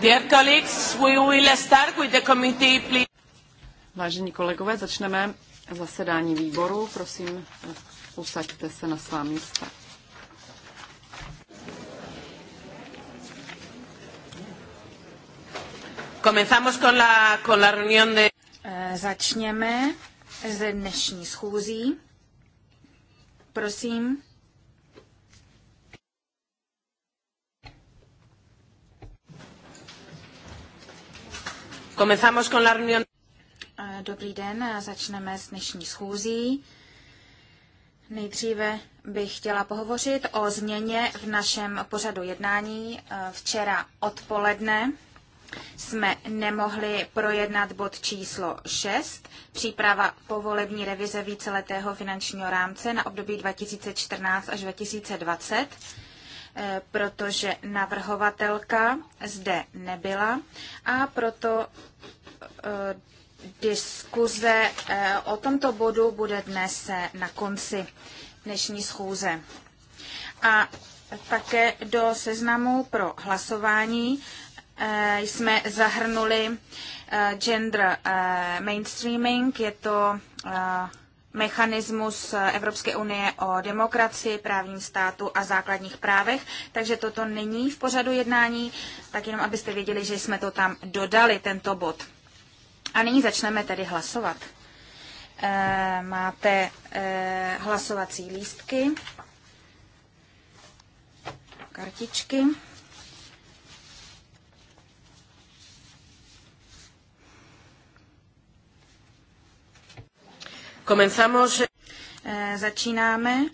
Dear colleagues, we will start with the committee, please. Vážení kolegové, začneme zasedání výboru. Prosím, usaďte se na svá místa. Comenzamos con la, con la reunión de... Eh, začněme s dnešní schůzí. Prosím, Comenzamos con la reunión. Dobrý den, začneme s dnešní schůzí. Nejdříve bych chtěla pohovořit o změně v našem pořadu jednání. Včera odpoledne jsme nemohli projednat bod číslo 6, příprava povolební revize víceletého finančního rámce na období 2014 až 2020 Eh, protože navrhovatelka zde nebyla a proto eh, diskuze eh, o tomto bodu bude dnes na konci dnešní schůze. A také do seznamu pro hlasování jsme zahrnuli gender mainstreaming. Je to mechanismus Evropské unie o demokracii, právním státu a základních právech, takže toto není v pořadu jednání, tak jenom abyste věděli, že jsme to tam dodali, tento bod. A nyní začneme tedy hlasovat. E, máte e, hlasovací lístky, kartičky. Comenzamos. Eh, začínáme.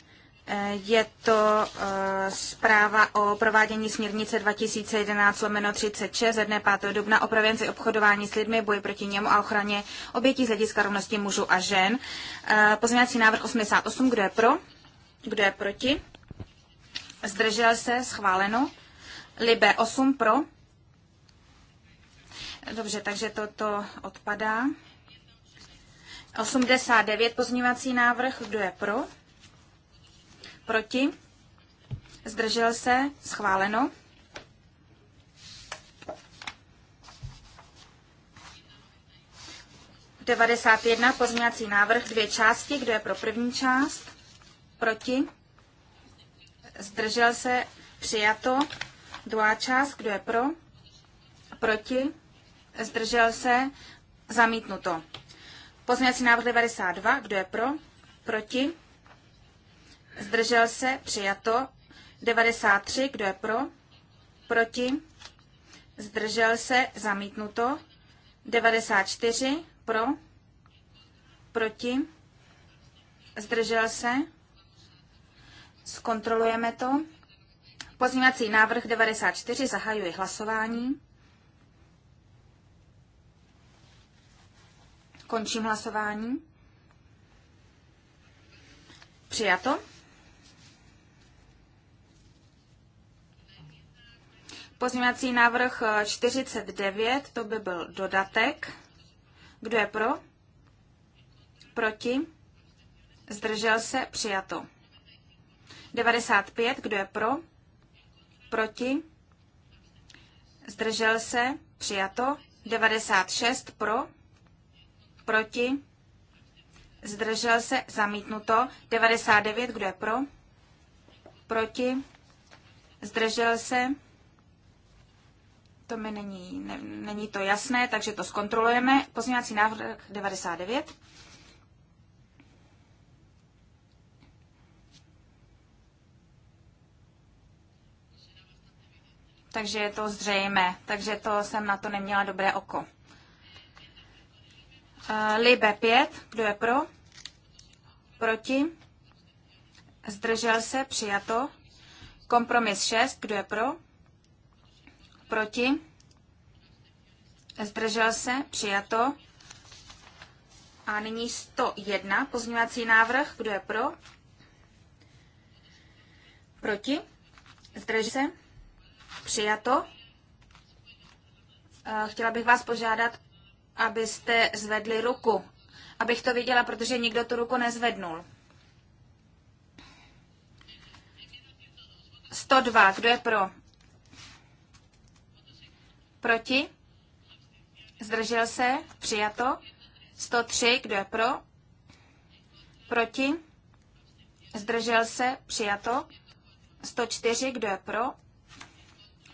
Eh, je to eh, zpráva o provádění směrnice 2011-36 ze dne 5. dubna o prevenci obchodování s lidmi, boji proti němu a ochraně obětí z hlediska rovnosti mužů a žen. Pozměňovací návrh 88, kdo je pro? Kdo je proti? Zdržel se, schváleno. Libe 8 pro. Dobře, takže toto odpadá. 89 pozměňovací návrh, kdo je pro? Proti? Zdržel se? Schváleno. Devadesát jedna pozměňovací návrh, dvě části, kdo je pro první část? Proti? Zdržel se? Přijato. Druhá část, kdo je pro? Proti? Zdržel se? Zamítnuto. Pozměňovací návrh 92, kdo je pro? Proti? Zdržel se? Přijato. 93, kdo je pro? Proti? Zdržel se? Zamítnuto. 94, pro? Proti? Zdržel se? Zkontrolujeme to. Pozměňovací návrh 94, zahajuji hlasování. Končím hlasování. Přijato. Pozměňovací návrh 49, eh, to by byl dodatek. Kdo je pro? Proti? Zdržel se? Přijato. 95, kdo je pro? Proti? Zdržel se? Přijato. 96 pro? proti, zdržel se, zamítnuto, 99, kdo je pro, proti, zdržel se, to mi není, ne, není to jasné, takže to zkontrolujeme. Pozměňovací návrh 99. Takže je to zřejmé, takže to jsem na to neměla dobré oko. Libe 5, kdo je pro? Proti? Zdržel se, přijato. Kompromis 6, kdo je pro? Proti? Zdržel se, přijato. A nyní 101, pozměňovací návrh, kdo je pro? Proti? Zdržel se, přijato. Chtěla bych vás požádat abyste zvedli ruku. Abych to viděla, protože nikdo tu ruku nezvednul. 102. Kdo je pro? Proti? Zdržel se? Přijato. 103. Kdo je pro? Proti? Zdržel se? Přijato. 104. Kdo je pro?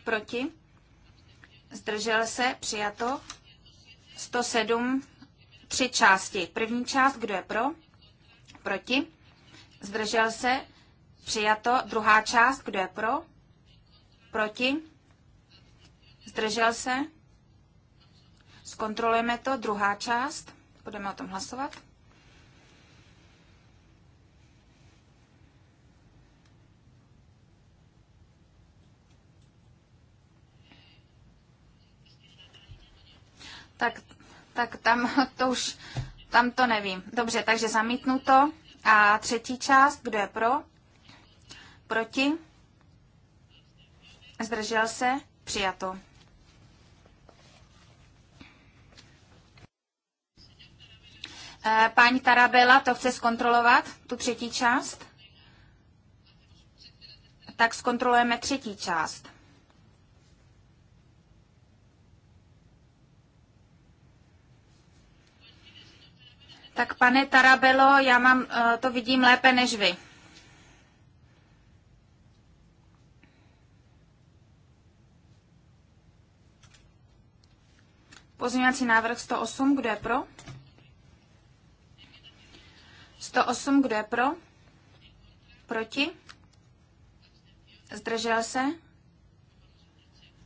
Proti? Zdržel se? Přijato. 107, tři části. První část, kdo je pro? Proti? Zdržel se? Přijato. Druhá část, kdo je pro? Proti? Zdržel se? Zkontrolujeme to. Druhá část. Budeme o tom hlasovat. tak, tak tam to už, tam to nevím. Dobře, takže zamítnu to. A třetí část, kdo je pro? Proti? Zdržel se? Přijato. E, Pání Tarabela to chce zkontrolovat, tu třetí část. Tak zkontrolujeme třetí část. Tak pane Tarabelo, já mám, eh, to vidím lépe než vy. Pozměňovací návrh 108, kdo je pro? 108, kdo je pro? Proti? Zdržel se?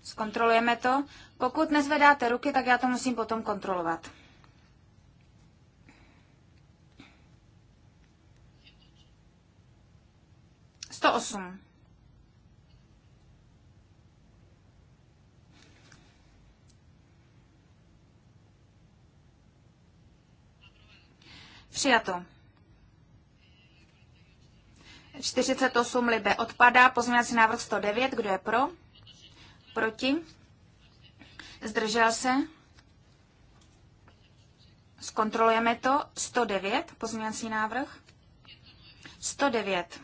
Zkontrolujeme to. Pokud nezvedáte ruky, tak já to musím potom kontrolovat. 108. Přijato. 48 libe odpadá. Pozměňovací návrh 109. Kdo je pro? Proti? Zdržel se? Zkontrolujeme to. 109. Pozměňovací návrh. 109.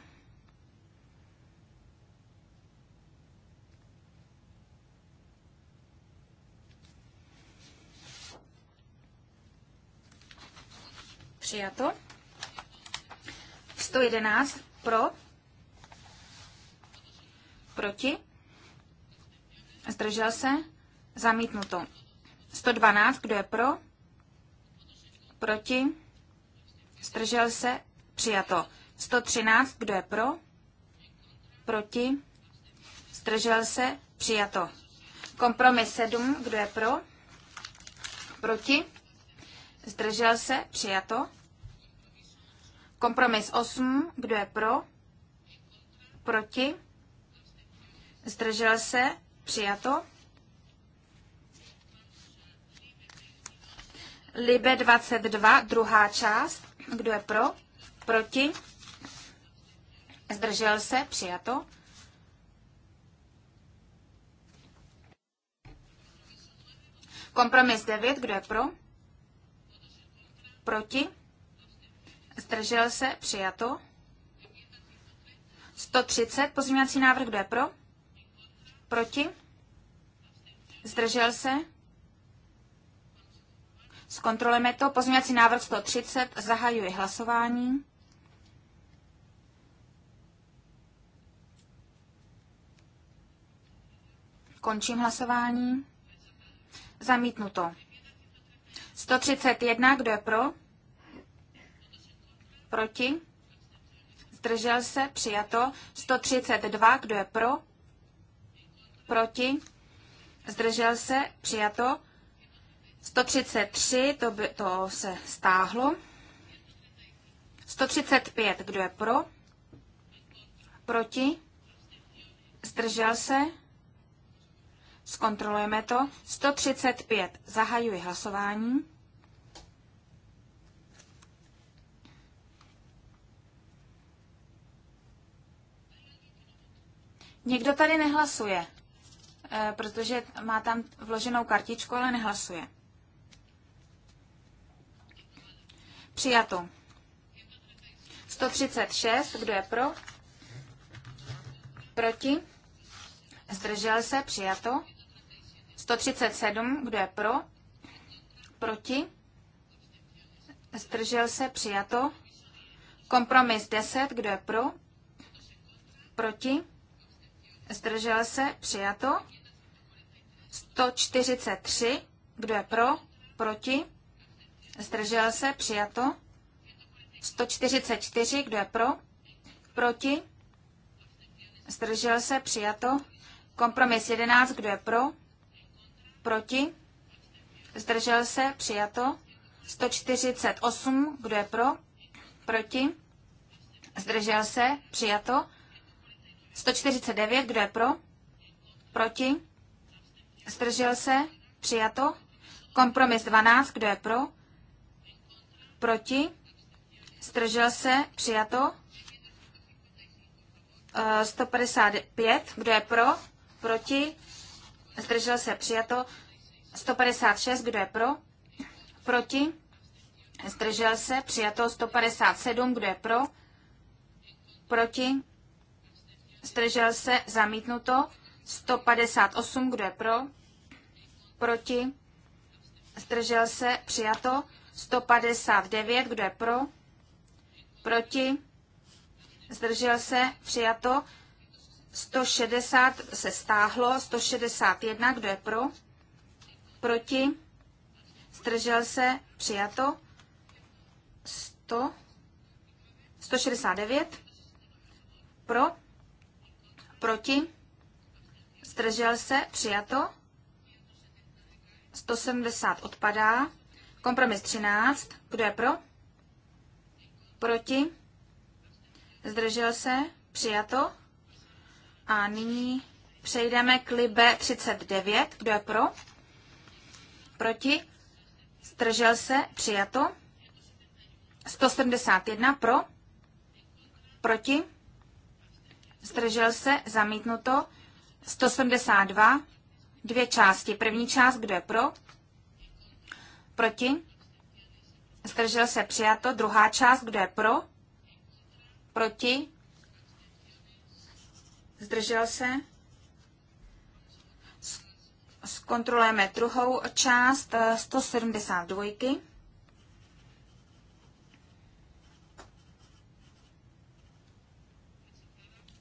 Přijato. 111 pro. Proti. Zdržel se. Zamítnuto. 112, kdo je pro? Proti. Zdržel se. Přijato. 113, kdo je pro? Proti. Zdržel se. Přijato. Kompromis 7, kdo je pro? Proti. Zdržel se. Přijato. Kompromis 8, kdo je pro? Proti? Zdržel se? Přijato. Libe 22, druhá část. Kdo je pro? Proti? Zdržel se? Přijato. Kompromis 9, kdo je pro? Proti? Zdržel se? Přijato. 130. Pozměňovací návrh. Kdo je pro? Proti? Zdržel se? Zkontrolujeme to. Pozměňovací návrh 130. Zahajuji hlasování. Končím hlasování. Zamítnuto. 131. Kdo je pro? Proti? Zdržel se? Přijato. 132. Kdo je pro? Proti? Zdržel se? Přijato. 133. To, by, to se stáhlo. 135. Kdo je pro? Proti? Zdržel se? Zkontrolujeme to. 135. Zahajuji hlasování. Někdo tady nehlasuje, eh, protože má tam vloženou kartičku, ale nehlasuje. Přijato. 136, kdo je pro? Proti? Zdržel se, přijato. 137, kdo je pro? Proti? Zdržel se, přijato. Kompromis 10, kdo je pro? Proti? zdržel se, přijato. 143, kdo je pro, proti, zdržel se, přijato. 144, kdo je pro, proti, zdržel se, přijato. Kompromis 11, kdo je pro, proti, zdržel se, přijato. 148, kdo je pro, proti, zdržel se, přijato. 149, kdo je pro? Proti? Zdržel se? Přijato. Kompromis 12, kdo je pro? Proti? Zdržel se? Přijato. 155, eh, kdo je pro? Proti? Zdržel se? Přijato. 156, kdo je pro? Proti? Zdržel se? Přijato. 157, kdo je pro? Proti? zdržel se, zamítnuto. 158, kdo je pro, proti, zdržel se, přijato. 159, kdo je pro, proti, zdržel se, přijato. 160 se stáhlo, 161, kdo je pro, proti, zdržel se, přijato. 100, 169, pro, proti, zdržel se, přijato. 170 odpadá. Kompromis 13, kdo je pro, proti, zdržel se, přijato. A nyní přejdeme k Libe 39, kdo je pro, proti, zdržel se, přijato. 171 pro, proti, zdržel se, zamítnuto. 172, dvě části. První část, kdo je pro, proti, zdržel se, přijato. Druhá část, kdo je pro, proti, zdržel se. Zkontrolujeme druhou část 172. Eh,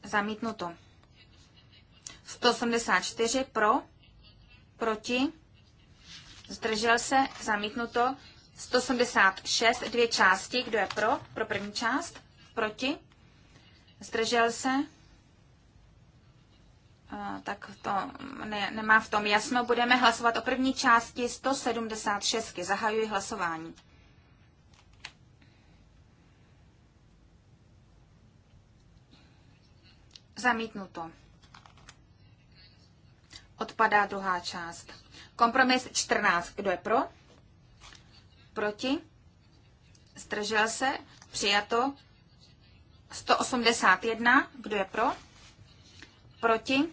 Zamítnuto. 184 pro, proti, zdržel se, zamítnuto. 186, dvě části, kdo je pro, pro první část, proti, zdržel se, tak to ne, nemá v tom jasno. Budeme hlasovat o první části 176. Zahajuji hlasování. Zamítnuto. Odpadá druhá část. Kompromis 14. Kdo je pro? Proti? Zdržel se? Přijato. 181. Kdo je pro? Proti?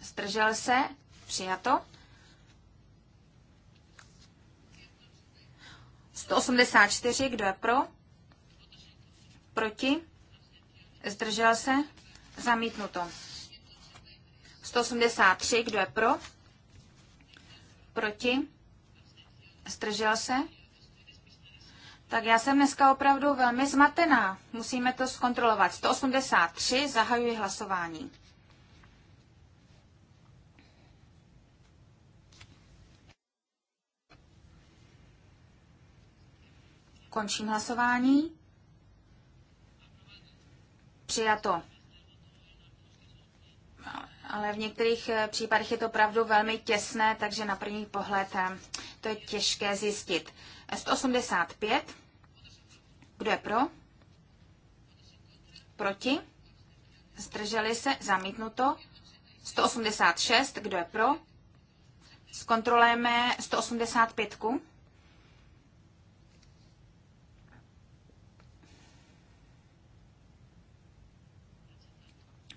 Zdržel se? Přijato. 184. Kdo je pro? Proti? Zdržel se? Zamítnuto. 183, kdo je pro? Proti? Zdržel se? Tak já jsem dneska opravdu velmi zmatená. Musíme to zkontrolovat. 183, zahajuji hlasování. Končím hlasování přijato. Ale v některých eh, případech je to opravdu velmi těsné, takže na první pohled eh, to je těžké zjistit. 185. Kdo je pro? Proti? Zdrželi se? Zamítnuto. 186. Kdo je pro? Zkontrolujeme 185.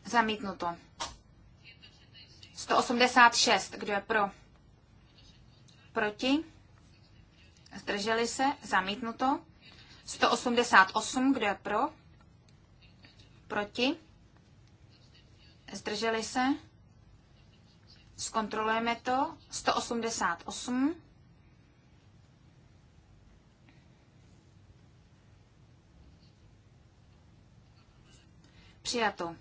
Zamítnuto. 186. Kdo je pro? Proti? Zdrželi se? Zamítnuto. 188. Kdo je pro? Proti? Zdrželi se? Zkontrolujeme to. 188. Přijato.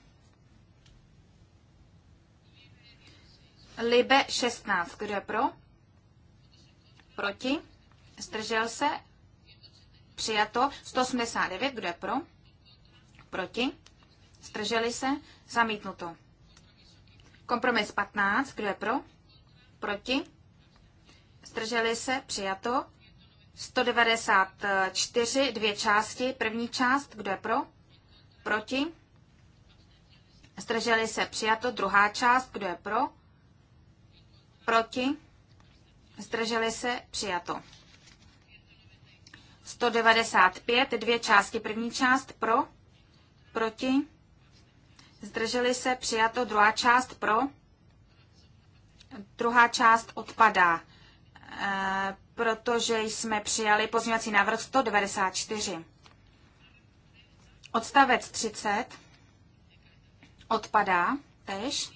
Libe 16. Kdo je pro? Proti? Zdržel se? Přijato. 189. Kdo je pro? Proti? Zdrželi se? Zamítnuto. Kompromis 15. Kdo je pro? Proti? Zdrželi se? Přijato. 194. Dvě části. První část. Kdo je pro? Proti? Zdrželi se? Přijato. Druhá část. Kdo je pro? proti, zdrželi se, přijato. 195, dvě části, první část pro, proti, zdrželi se, přijato, druhá část pro, druhá část odpadá, eh, protože jsme přijali pozměňovací návrh 194. Odstavec 30 odpadá tež.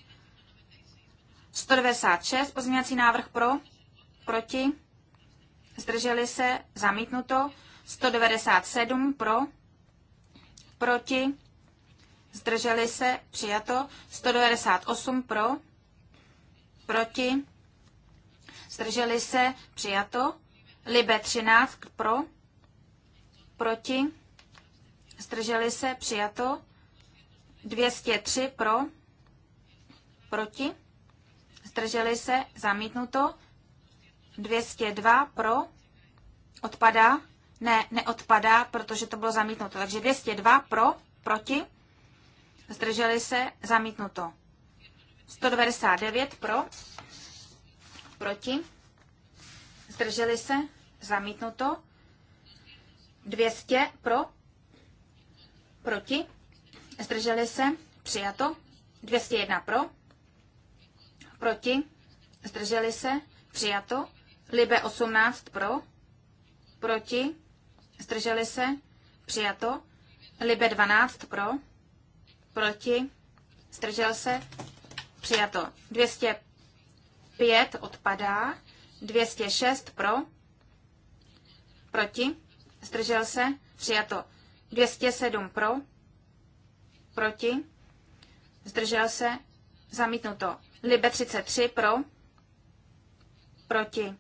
196, pozměňovací návrh pro, proti, zdrželi se, zamítnuto. 197 pro, proti, zdrželi se, přijato. 198 pro, proti, zdrželi se, přijato. Libe 13 pro, proti, zdrželi se, přijato. 203 pro, proti zdrželi se, zamítnuto. 202 pro, odpadá, ne, neodpadá, protože to bylo zamítnuto. Takže 202 pro, proti, zdrželi se, zamítnuto. 199 pro, proti, zdrželi se, zamítnuto. 200 pro, proti, zdrželi se, přijato. 201 pro, proti, zdrželi se, přijato. Libe 18 pro, proti, zdrželi se, přijato. Libe 12 pro, proti, zdržel se, přijato. 205 odpadá, 206 pro, proti, zdržel se, přijato. 207 pro, proti, zdržel se, zamítnuto. Libe 33 pro, proti.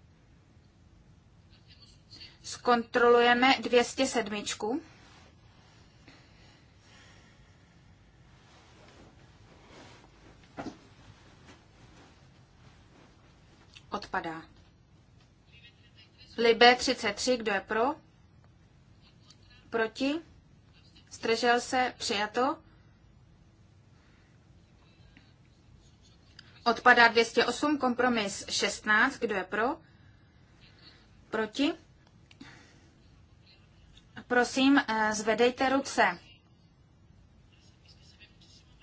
Zkontrolujeme 207. Odpadá. Libe 33, kdo je pro? Proti? Stržel se? Přijato? Odpadá 208, kompromis 16, kdo je pro? Proti? Prosím, eh, zvedejte ruce,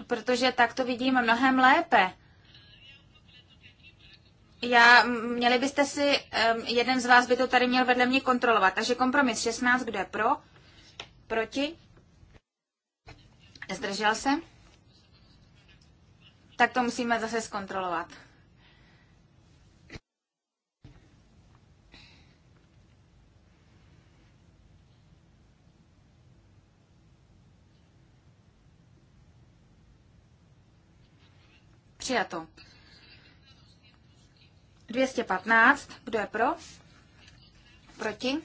protože tak to vidím mnohem lépe. Já, měli byste si, jeden z vás by to tady měl vedle mě kontrolovat. Takže kompromis 16, kdo je pro? Proti? Zdržel se? tak to musíme zase zkontrolovat. Přijato. 215. Kdo je pro? Proti?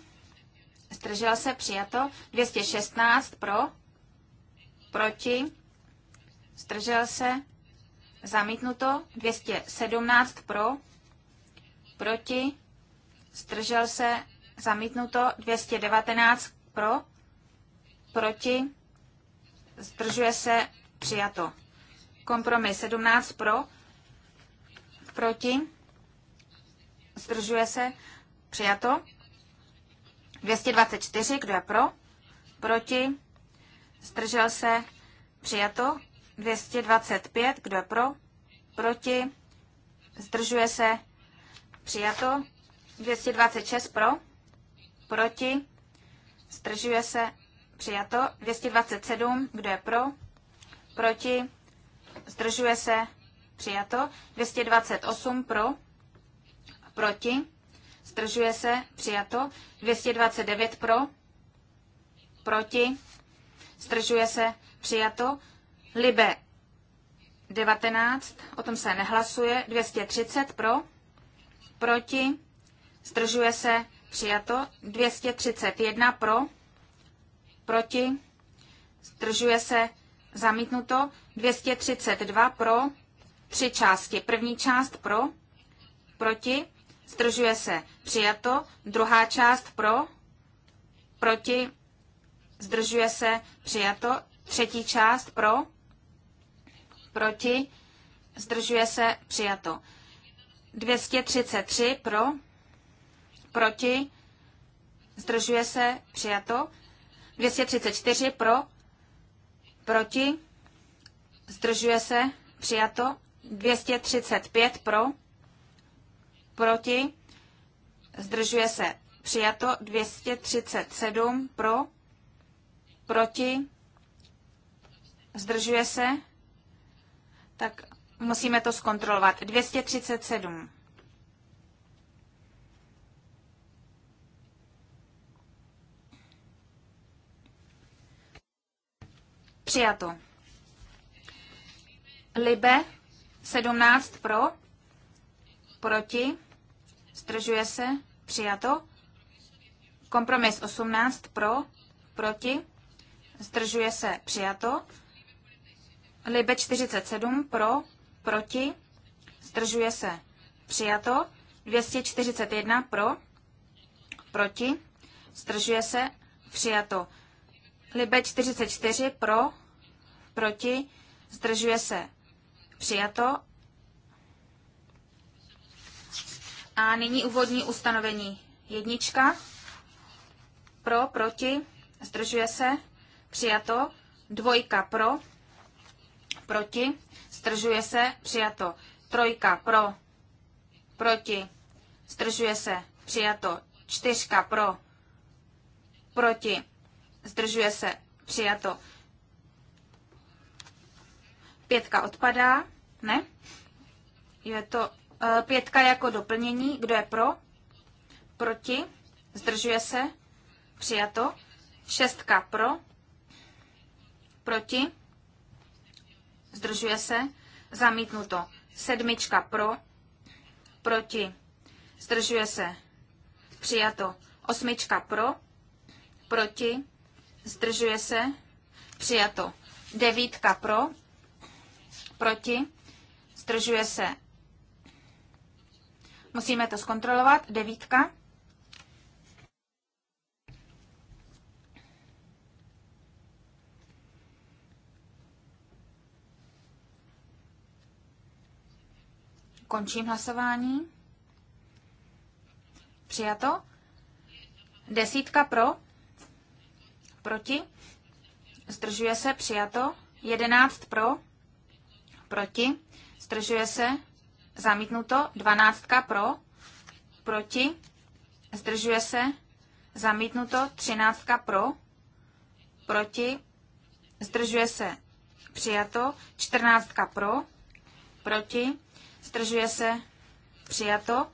Zdržel se? Přijato. 216. Pro? Proti? Zdržel se? Zamítnuto 217 pro, proti, zdržel se, zamítnuto 219 pro, proti, zdržuje se, přijato. Kompromis 17 pro, proti, zdržuje se, přijato. 224, kdo je pro, proti, zdržel se, přijato. 225, kdo je pro, proti, zdržuje se, přijato. 226 pro, proti, zdržuje se, přijato. 227, kdo je pro, proti, zdržuje se, přijato. 228 pro, proti, zdržuje se, přijato. 229 pro, proti, zdržuje se, přijato. Libe 19, o tom se nehlasuje, 230 pro, proti, zdržuje se, přijato, 231 pro, proti, zdržuje se, zamítnuto, 232 pro, tři části, první část pro, proti, zdržuje se, přijato, druhá část pro, proti, zdržuje se, přijato, třetí část pro, proti, zdržuje se, přijato. 233 pro, proti, zdržuje se, přijato. 234 pro, proti, zdržuje se, přijato. 235 pro, proti, zdržuje se, přijato. 237 pro, proti, zdržuje se, tak musíme to zkontrolovat. 237. Přijato. Libe 17 pro, proti, zdržuje se, přijato. Kompromis 18 pro, proti, zdržuje se, přijato. Libe 47 pro, proti, zdržuje se přijato. 241 pro, proti, zdržuje se přijato. Libe 44 pro, proti, zdržuje se přijato. A nyní úvodní ustanovení. Jednička. Pro, proti, zdržuje se, přijato. Dvojka pro, proti, zdržuje se, přijato. Trojka pro, proti, zdržuje se, přijato. Čtyřka pro, proti, zdržuje se, přijato. Pětka odpadá, ne? Je to e, pětka jako doplnění, kdo je pro, proti, zdržuje se, přijato. Šestka pro, proti, zdržuje se, zamítnuto. Sedmička pro, proti, zdržuje se, přijato. Osmička pro, proti, zdržuje se, přijato. Devítka pro, proti, zdržuje se. Musíme to zkontrolovat. Devítka. Končím hlasování. Přijato. Desítka pro. Proti. Zdržuje se. Přijato. Jedenáct pro. Proti. Zdržuje se. Zamítnuto. Dvanáctka pro. Proti. Zdržuje se. Zamítnuto. Třináctka pro. Proti. Zdržuje se. Přijato. Čtrnáctka pro. Proti. Zdržuje se? Přijato.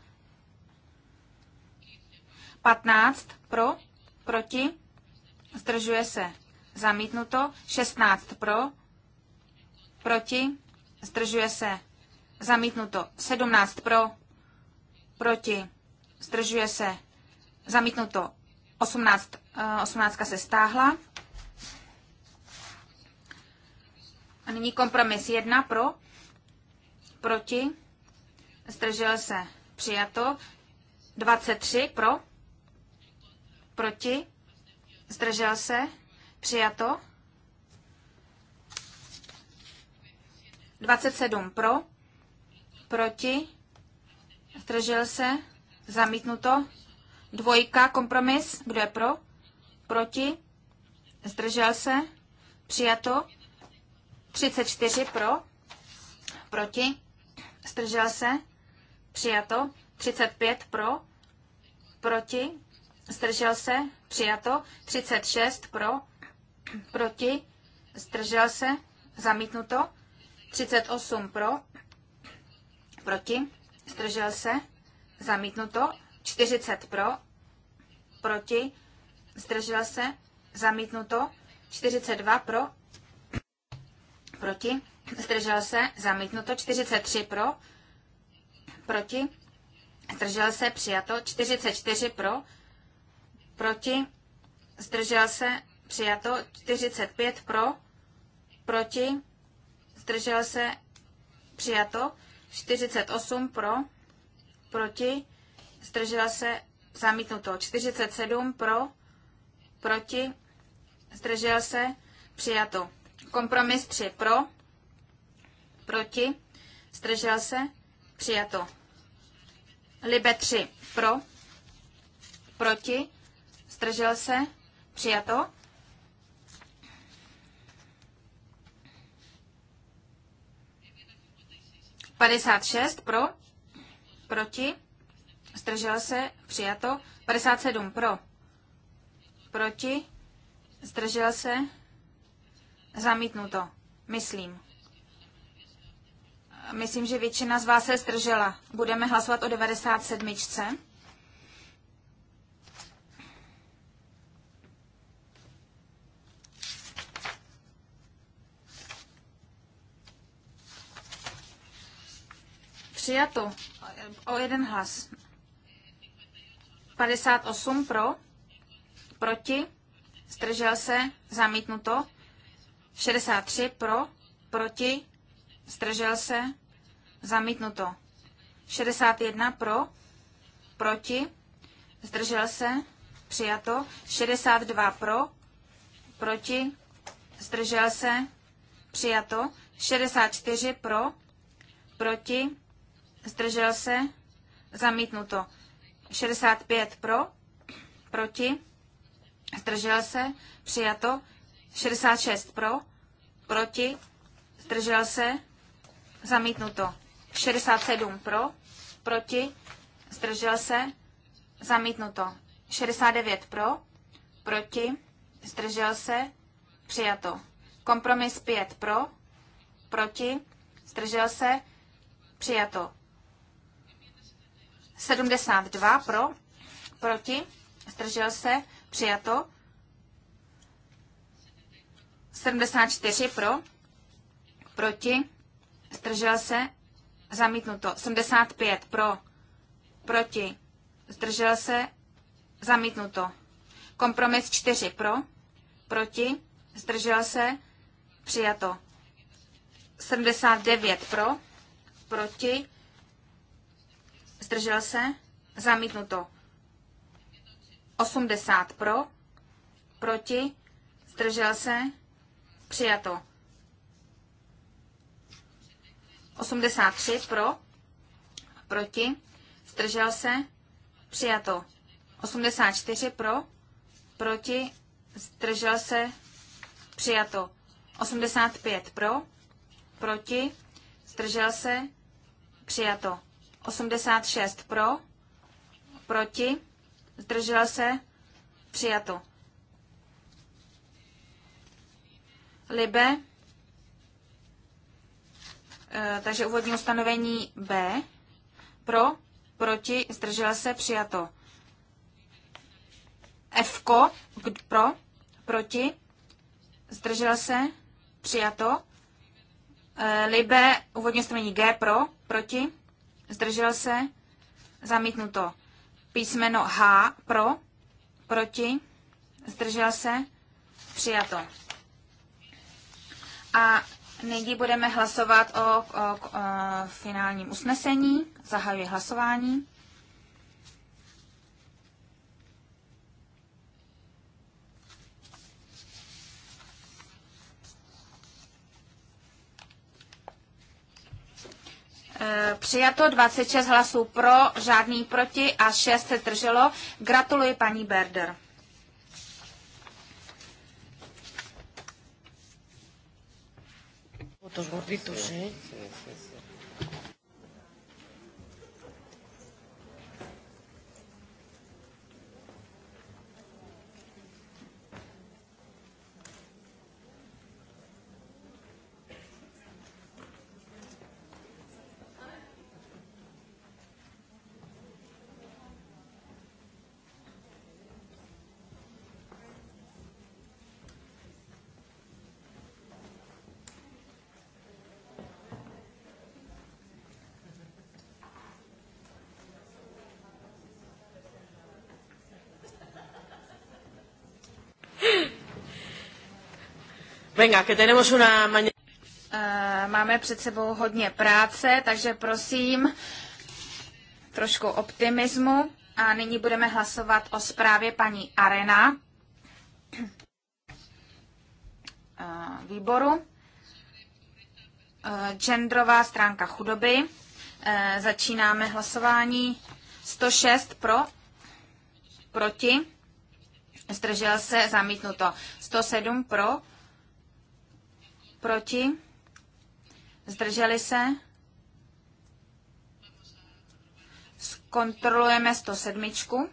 15 pro, proti, zdržuje se, zamítnuto. 16 pro, proti, zdržuje se, zamítnuto. 17 pro, proti, zdržuje se, zamítnuto. 18, 18 eh, se stáhla. A nyní kompromis 1 pro, proti, zdržel se přijato, 23 pro, proti, zdržel se přijato, 27 pro, proti, zdržel se, zamítnuto, dvojka, kompromis, kdo je pro, proti, zdržel se, přijato, 34 pro, proti, Zdržel se? Přijato. 35 pro. Proti. Zdržel se? Přijato. 36 pro. Proti. Zdržel se? Zamítnuto. 38 pro. Proti. Zdržel se? Zamítnuto. 40 pro. Proti. Zdržel se? Zamítnuto. 42 pro. Proti zdržel se, zamítnuto 43 pro, proti, zdržel se, přijato 44 pro, proti, zdržel se, přijato 45 pro, proti, zdržel se, přijato 48 pro, proti, zdržel se, zamítnuto 47 pro, proti, zdržel se, přijato. Kompromis 3 pro, proti, zdržel se, přijato. Libe 3 pro, proti, zdržel se, přijato. Padesát šest pro, proti, zdržel se, přijato. Padesát sedm pro, proti, zdržel se, zamítnuto, myslím. Myslím, že většina z vás se zdržela. Budeme hlasovat o 97. Přijato o jeden hlas. 58 pro, proti, zdržel se, zamítnuto. 63 pro, proti, Zdržel se? Zamítnuto. 61 pro? Proti? Zdržel se? Přijato. 62 pro? Proti? Zdržel se? Přijato. 64 pro? Proti? Zdržel se? Zamítnuto. 65 pro? Proti? Zdržel se? Přijato. 66 pro? Proti? Zdržel se? Zamítnuto. 67 pro, proti, zdržel se, zamítnuto. 69 pro, proti, zdržel se, přijato. Kompromis 5 pro, proti, zdržel se, přijato. 72 pro, proti, zdržel se, přijato. 74 pro, proti, zdržel se, zamítnuto. 75 pro, proti, zdržel se, zamítnuto. Kompromis 4 pro, proti, zdržel se, přijato. 79 pro, proti, zdržel se, zamítnuto. 80 pro, proti, zdržel se, přijato. 83 pro, proti, zdržel se, přijato. 84 pro, proti, zdržel se, přijato. 85 pro, proti, zdržel se, přijato. 86 pro, proti, zdržel se, přijato. Libe Eh, takže úvodní ustanovení B. Pro, proti, zdržel se, přijato. F, -ko, pro, proti, zdržel se, přijato. Eh, Libe, úvodní ustanovení G, pro, proti, zdržel se, zamítnuto. Písmeno H, pro, proti, zdržel se, přijato. A Nyní budeme hlasovat o, o, o finálním usnesení. Zahajuji hlasování. E, přijato 26 hlasů pro, žádný proti a 6 se drželo. Gratuluji paní Berder. Votos gorditos, ¿eh? Venga, que tenemos una mañana. Eh, máme před sebou hodně práce, takže prosím trošku optimismu. A nyní budeme hlasovat o zprávě paní Arena eh, výboru. Eh, Gendrová stránka chudoby. Začínáme hlasování 106 pro, proti, zdržel se, zamítnuto 107 pro, Proti? Zdrželi se? Zkontrolujeme 107.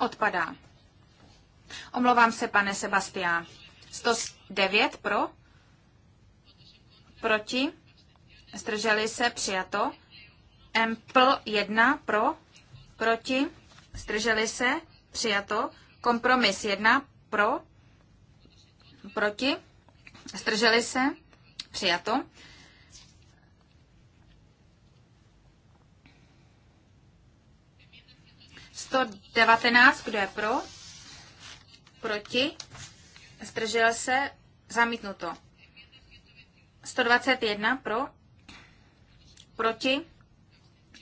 Odpadá. Omlouvám se, pane Sebastián. 109 pro? Proti? Zdrželi se? Přijato. Empl 1 pro, proti, zdrželi se, přijato. Kompromis 1 pro, proti, zdrželi se, přijato. Sto devatenáct, kdo je pro? Proti? Zdržel se? Zamítnuto. sto dvacet jedna pro? Proti?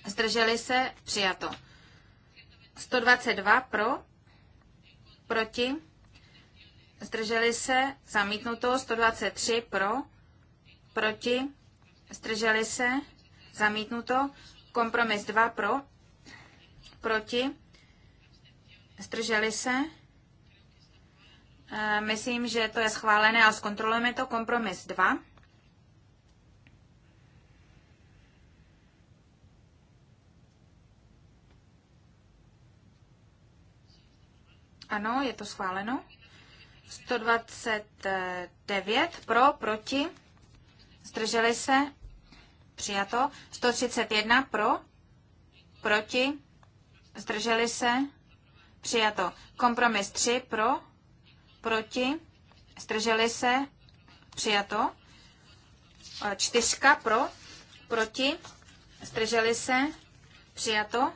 zdrželi se, přijato. 122 pro, proti, zdrželi se, zamítnuto. 123 pro, proti, zdrželi se, zamítnuto. Kompromis 2 pro, proti, zdrželi se. Eh, myslím, že to je schválené, ale zkontrolujeme to. Kompromis 2. Ano, je to schváleno. 129 pro, proti, zdrželi se, přijato. 131 pro, proti, zdrželi se, přijato. Kompromis 3 pro, proti, zdrželi se, přijato. E, čtyřka pro, proti, zdrželi se, přijato.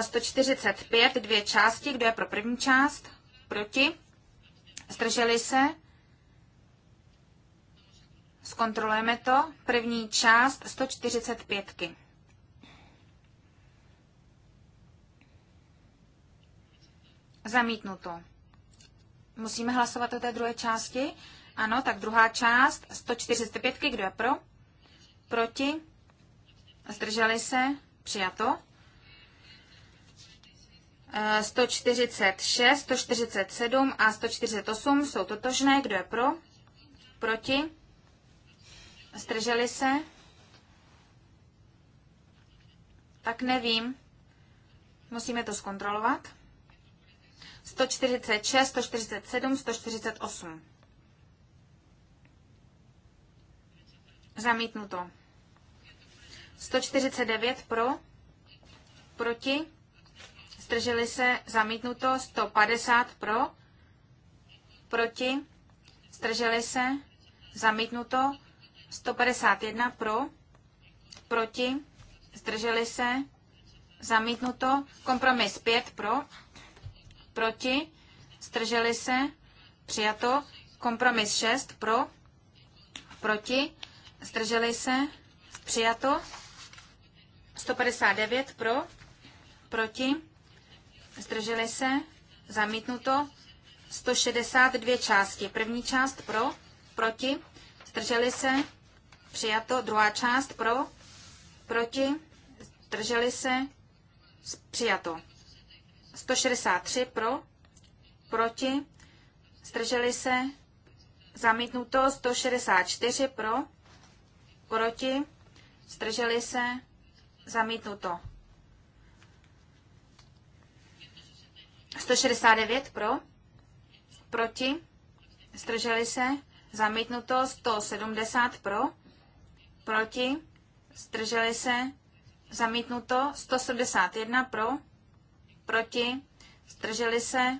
145, dvě části. Kdo je pro první část? Proti? Zdrželi se? Zkontrolujeme to. První část 145. -ky. Zamítnuto. Musíme hlasovat o té druhé části. Ano, tak druhá část 145. Kdo je pro? Proti? Zdrželi se? Přijato. 146, 147 a 148 jsou totožné. Kdo je pro? Proti? Zdrželi se? Tak nevím. Musíme to zkontrolovat. 146, 147, 148. Zamítnuto. 149 pro, proti, zdrželi se, zamítnuto 150 pro, proti, zdrželi se, zamítnuto 151 pro, proti, zdrželi se, zamítnuto, kompromis 5 pro, proti, zdrželi se, přijato, kompromis 6 pro, proti, zdrželi se, přijato, 159 pro, proti, zdrželi se, zamítnuto, 162 části. První část pro, proti, zdrželi se, přijato, druhá část pro, proti, zdrželi se, přijato. 163 pro, proti, zdrželi se, zamítnuto, 164 pro, proti, zdrželi se, zamítnuto. 169 pro, proti, zdrželi se, zamítnuto 170 pro, proti, zdrželi se, zamítnuto 171 pro, proti, zdrželi se,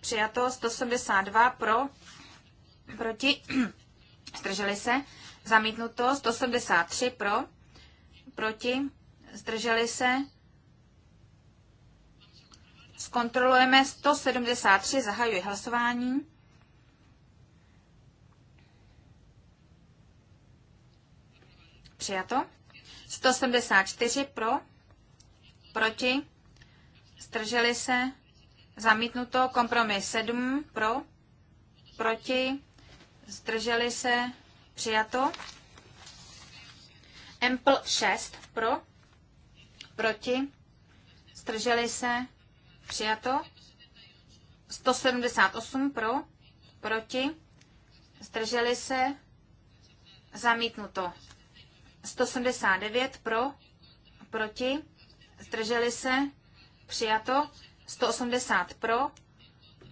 přijato 172 pro, proti, zdrželi se, zamítnuto 173 pro, proti, zdrželi se, Zkontrolujeme 173, zahajuji hlasování. Přijato. 174 pro, proti, strželi se, zamítnuto, kompromis 7 pro, proti, zdrželi se, přijato. Empl 6 pro, proti, strželi se, Přijato. 178 pro, proti, zdrželi se, zamítnuto. 179 pro, proti, zdrželi se, přijato. 180 pro,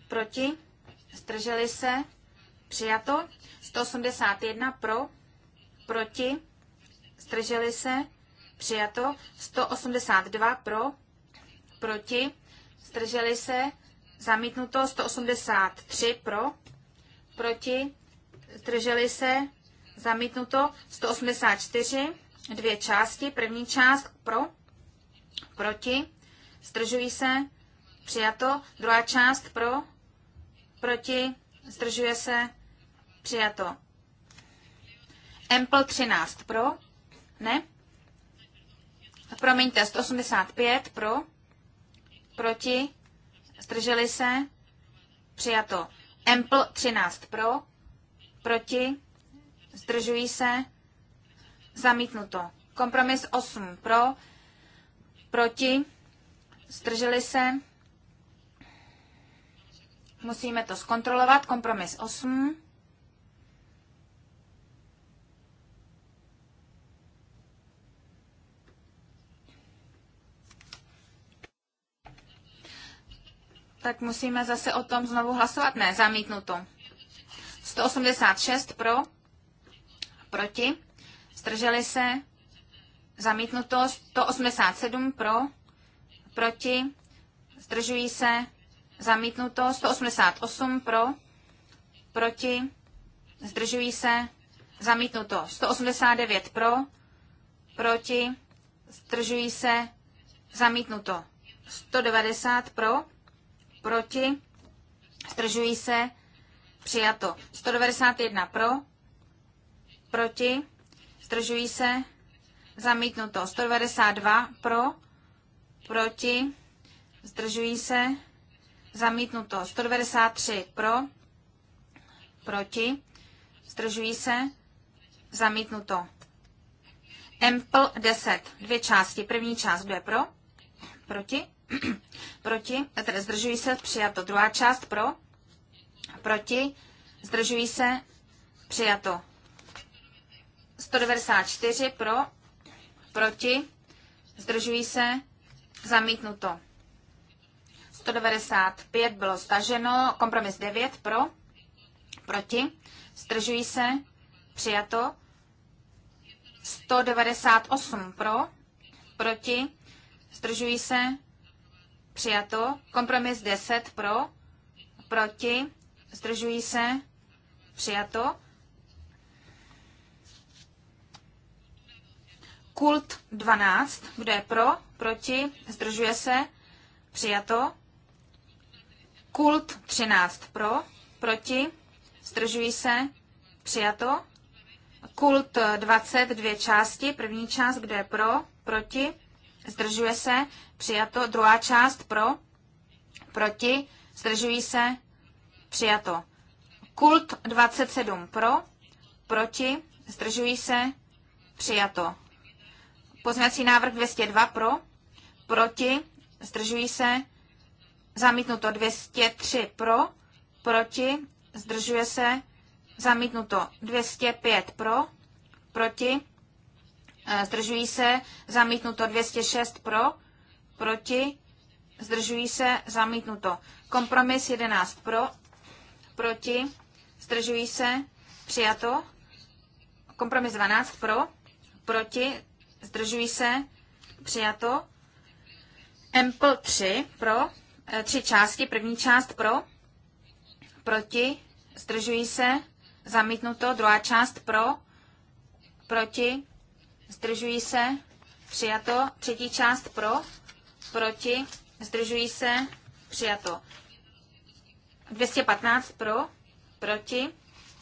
proti, zdrželi se, přijato. 181 pro, proti, zdrželi se, přijato. 182 pro, proti, zdrželi se, zamítnuto 183 pro, proti, zdrželi se, zamítnuto 184, dvě části, první část pro, proti, zdržují se, přijato, druhá část pro, proti, zdržuje se, přijato. Ample 13 pro, ne? Promiňte, 185 pro, proti, zdrželi se, přijato. Empl 13 pro, proti, zdržují se, zamítnuto. Kompromis 8 pro, proti, zdrželi se, musíme to zkontrolovat, kompromis 8. tak musíme zase o tom znovu hlasovat. Ne, zamítnuto. 186 pro, proti, strželi se, zamítnuto. 187 pro, proti, zdržují se, zamítnuto. 188 pro, proti, zdržují se, zamítnuto. 189 pro, proti, zdržují se, zamítnuto. 190 pro, proti, zdržují se, přijato. 191 pro, proti, zdržují se, zamítnuto. 192 pro, proti, zdržují se, zamítnuto. 193 pro, proti, zdržují se, zamítnuto. Ample 10, dvě části. První část, kdo je pro, proti, proti, tedy zdržují se, přijato. Druhá část pro, proti, zdržují se, přijato. 194 pro, proti, zdržují se, zamítnuto. 195 bylo staženo, kompromis 9 pro, proti, zdržují se, přijato. 198 pro, proti, zdržují se, Přijato. Kompromis 10 pro, proti, zdržují se, přijato. Kult 12, kdo je pro, proti, zdržuje se, přijato. Kult 13 pro, proti, zdržují se, přijato. Kult 22 dvě části, první část, kdo je pro, proti, zdržuje se, přijato. Druhá část pro, proti, zdržují se, přijato. Kult 27 pro, proti, zdržují se, přijato. Pozměcí návrh 202 pro, proti, zdržují se, zamítnuto 203 pro, proti, zdržuje se, zamítnuto 205 pro, proti, Eh, zdržují se, zamítnuto 206 pro, proti, zdržují se, zamítnuto. Kompromis 11 pro, proti, zdržují se, přijato. Kompromis 12 pro, proti, zdržují se, přijato. Mpl 3 pro, eh, tři části, první část pro, proti, zdržují se, zamítnuto, druhá část pro, proti, zdržují se, přijato. Třetí část pro, proti, zdržují se, přijato. 215 pro, proti,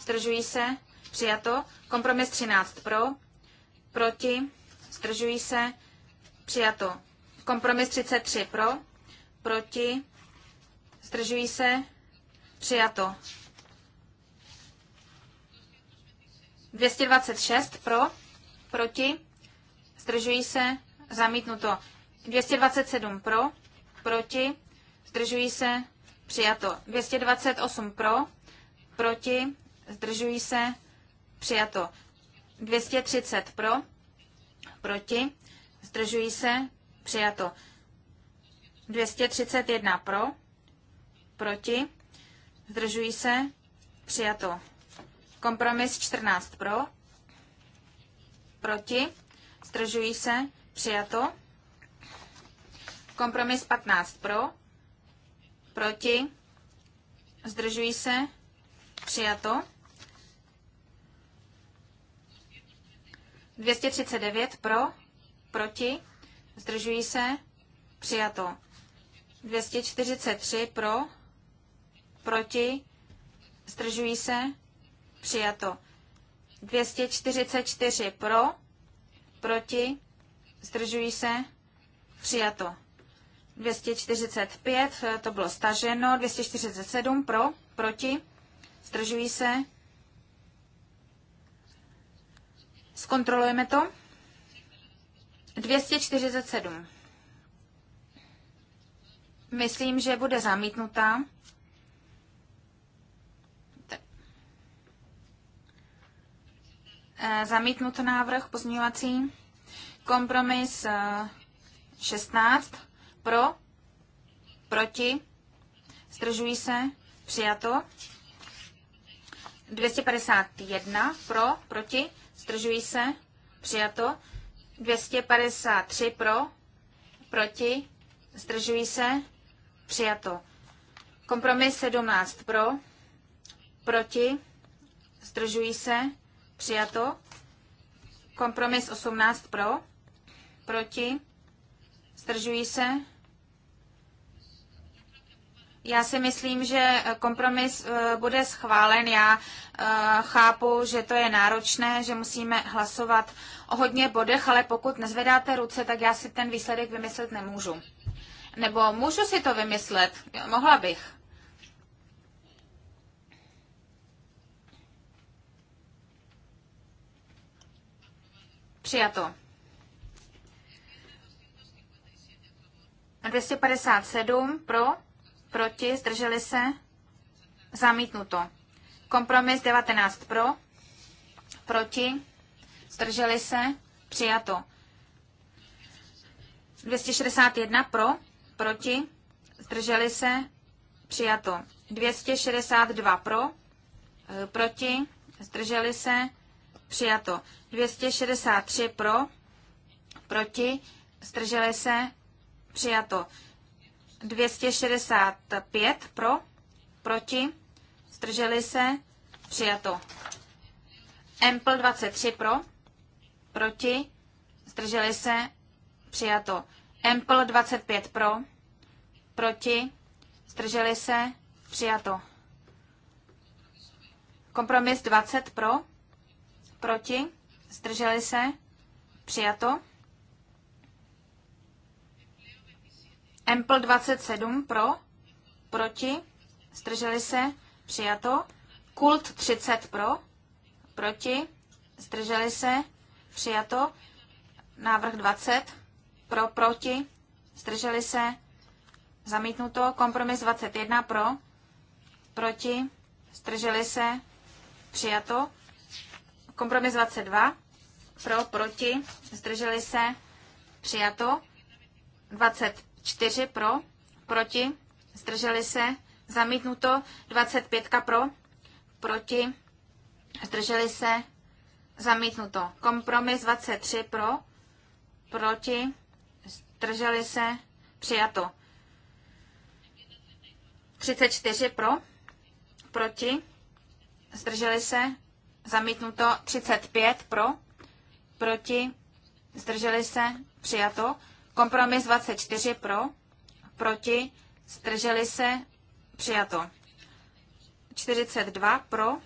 zdržují se, přijato. Kompromis 13 pro, proti, zdržují se, přijato. Kompromis 33 pro, proti, zdržují se, přijato. 226 pro, proti, zdržují se, zamítnuto. 227 pro, proti, zdržují se, přijato. 228 pro, proti, zdržují se, přijato. 230 pro, proti, zdržují se, přijato. 231 pro, proti, zdržují se, přijato. Kompromis 14 pro, proti, zdržují se, přijato. Kompromis 15 pro, proti, zdržují se, přijato. 239 pro, proti, zdržují se, přijato. 243 pro, proti, zdržují se, přijato. 244 pro, proti, zdržují se, přijato. 245, eh, to bylo staženo, 247 pro, proti, zdržují se. Zkontrolujeme to. 247. Myslím, že bude zamítnutá, Eh, zamítnut návrh pozměňovací. Kompromis 16. Eh, pro. Proti. Zdržují se. Přijato. 251. Pro. Proti. Zdržují se. Přijato. 253 pro, proti, zdržují se, přijato. Kompromis 17 pro, proti, zdržují se, Přijato. Kompromis 18 pro. Proti. Zdržují se. Já si myslím, že kompromis eh, bude schválen. Já eh, chápu, že to je náročné, že musíme hlasovat o hodně bodech, ale pokud nezvedáte ruce, tak já si ten výsledek vymyslet nemůžu. Nebo můžu si to vymyslet, mohla bych. Přijato. 257 pro, proti, zdrželi se, zamítnuto. Kompromis 19 pro, proti, zdrželi se, přijato. 261 pro, proti, zdrželi se, přijato. 262 pro, eh, proti, zdrželi se, přijato. 263 pro, proti, zdrželi se, přijato. 265 pro, proti, zdrželi se, přijato. Ample 23 pro, proti, zdrželi se, přijato. Ample 25 pro, proti, zdrželi se, přijato. Kompromis 20 pro, proti, zdrželi se, přijato. Ample 27 pro, proti, zdrželi se, přijato. Kult 30 pro, proti, zdrželi se, přijato. Návrh 20 pro, proti, zdrželi se, zamítnuto. Kompromis 21 pro, proti, zdrželi se, přijato. Kompromis 22. Pro, proti, zdrželi se, přijato. 24 pro, proti, zdrželi se, zamítnuto. 25 pro, proti, zdrželi se, zamítnuto. Kompromis 23 pro, proti, zdrželi se, přijato. 34 pro, proti, zdrželi se, Zamítnuto 35 pro, proti, zdrželi se, přijato. Kompromis 24 pro, proti, zdrželi se, přijato. 42 pro,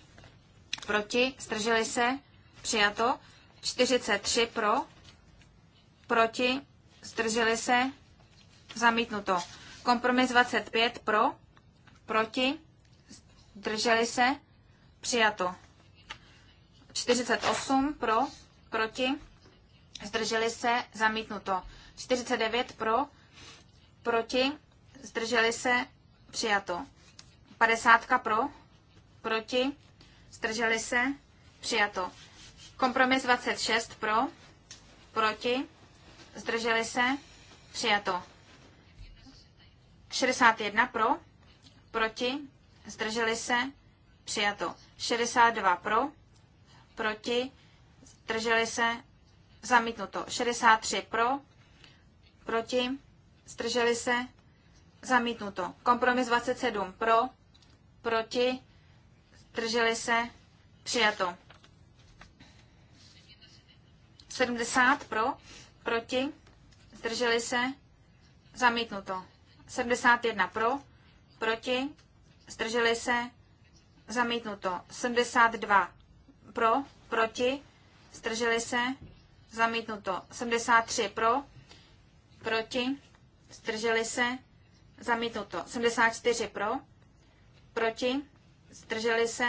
proti, zdrželi se, přijato. 43 pro, proti, zdrželi se, zamítnuto. Kompromis 25 pro, proti, zdrželi se, přijato. 48 pro, proti, zdrželi se, zamítnuto. 49 pro, proti, zdrželi se, přijato. 50 pro, proti, zdrželi se, přijato. Kompromis 26 pro, proti, zdrželi se, přijato. 61 pro, proti, zdrželi se, přijato. 62 pro, proti, zdrželi se, zamítnuto. 63 pro, proti, zdrželi se, zamítnuto. Kompromis 27 pro, proti, zdrželi se, přijato. 70 pro, proti, zdrželi se, zamítnuto. 71 pro, proti, zdrželi se, zamítnuto. 72 pro, proti, zdrželi se, zamítnuto. 73 pro, proti, zdrželi se, zamítnuto. 74 pro, proti, zdrželi se,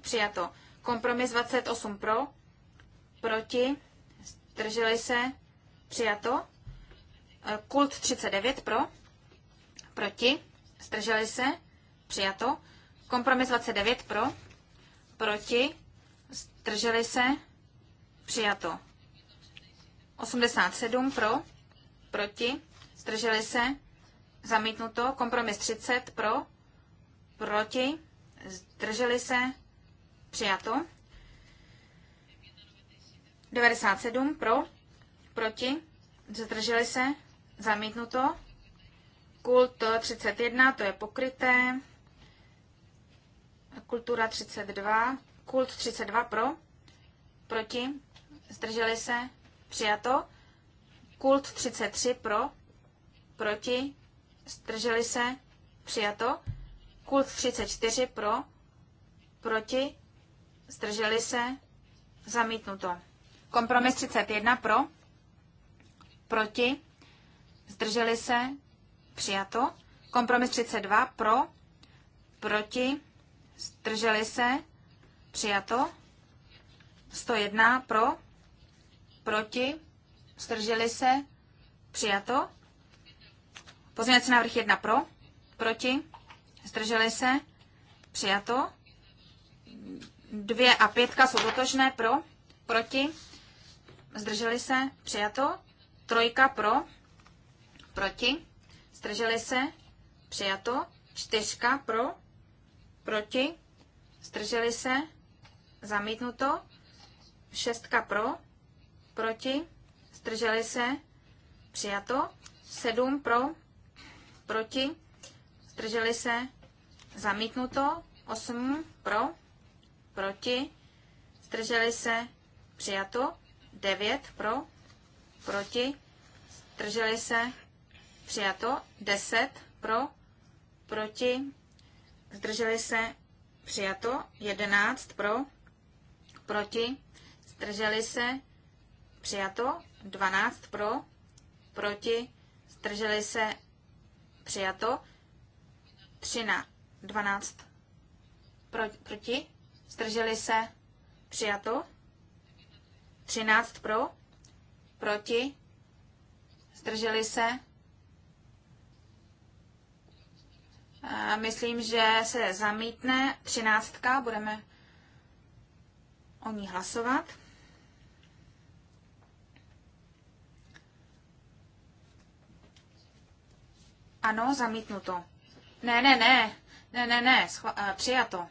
přijato. Kompromis 28 pro, proti, zdrželi se, přijato. E, kult 39 pro, proti, zdrželi se, přijato. Kompromis 29 pro, proti, Zdrželi se? Přijato. 87 pro, proti, zdrželi se, zamítnuto, kompromis 30 pro, proti, zdrželi se, přijato. 97 pro, proti, zdrželi se, zamítnuto. Kult 31, to je pokryté. Kultura 32, Kult 32 pro, proti, zdrželi se, přijato. Kult 33 pro, proti, zdrželi se, přijato. Kult 34 pro, proti, zdrželi se, zamítnuto. Kompromis 31 pro, proti, zdrželi se, přijato. Kompromis 32 pro, proti, zdrželi se, Přijato. 101 pro, proti, zdrželi se, přijato. Pozměňovací návrh 1 pro, proti, zdrželi se, přijato. 2 a 5 jsou totožné pro, proti, zdrželi se, přijato. Trojka pro, proti, zdrželi se, přijato. Čtyřka pro, proti, zdrželi se, Zamítnuto. Šestka pro. Proti. Zdrželi se. Přijato. Sedm pro. Proti. Zdrželi se. Zamítnuto. Osm pro. Proti. Zdrželi se. Přijato. Devět pro. Proti. Zdrželi se. Přijato. Deset pro. Proti. Zdrželi se. Přijato. jedenáct pro proti, zdrželi se, přijato, 12 pro, proti, zdrželi se, přijato, 13, 12 pro, proti, zdrželi se, přijato, 13 pro, proti, zdrželi se, Myslím, že se zamítne třináctka, budeme o ní hlasovat. Ano, zamítnuto. Ne, ne, ne, ne, ne, ne, Schva- eh, přijato.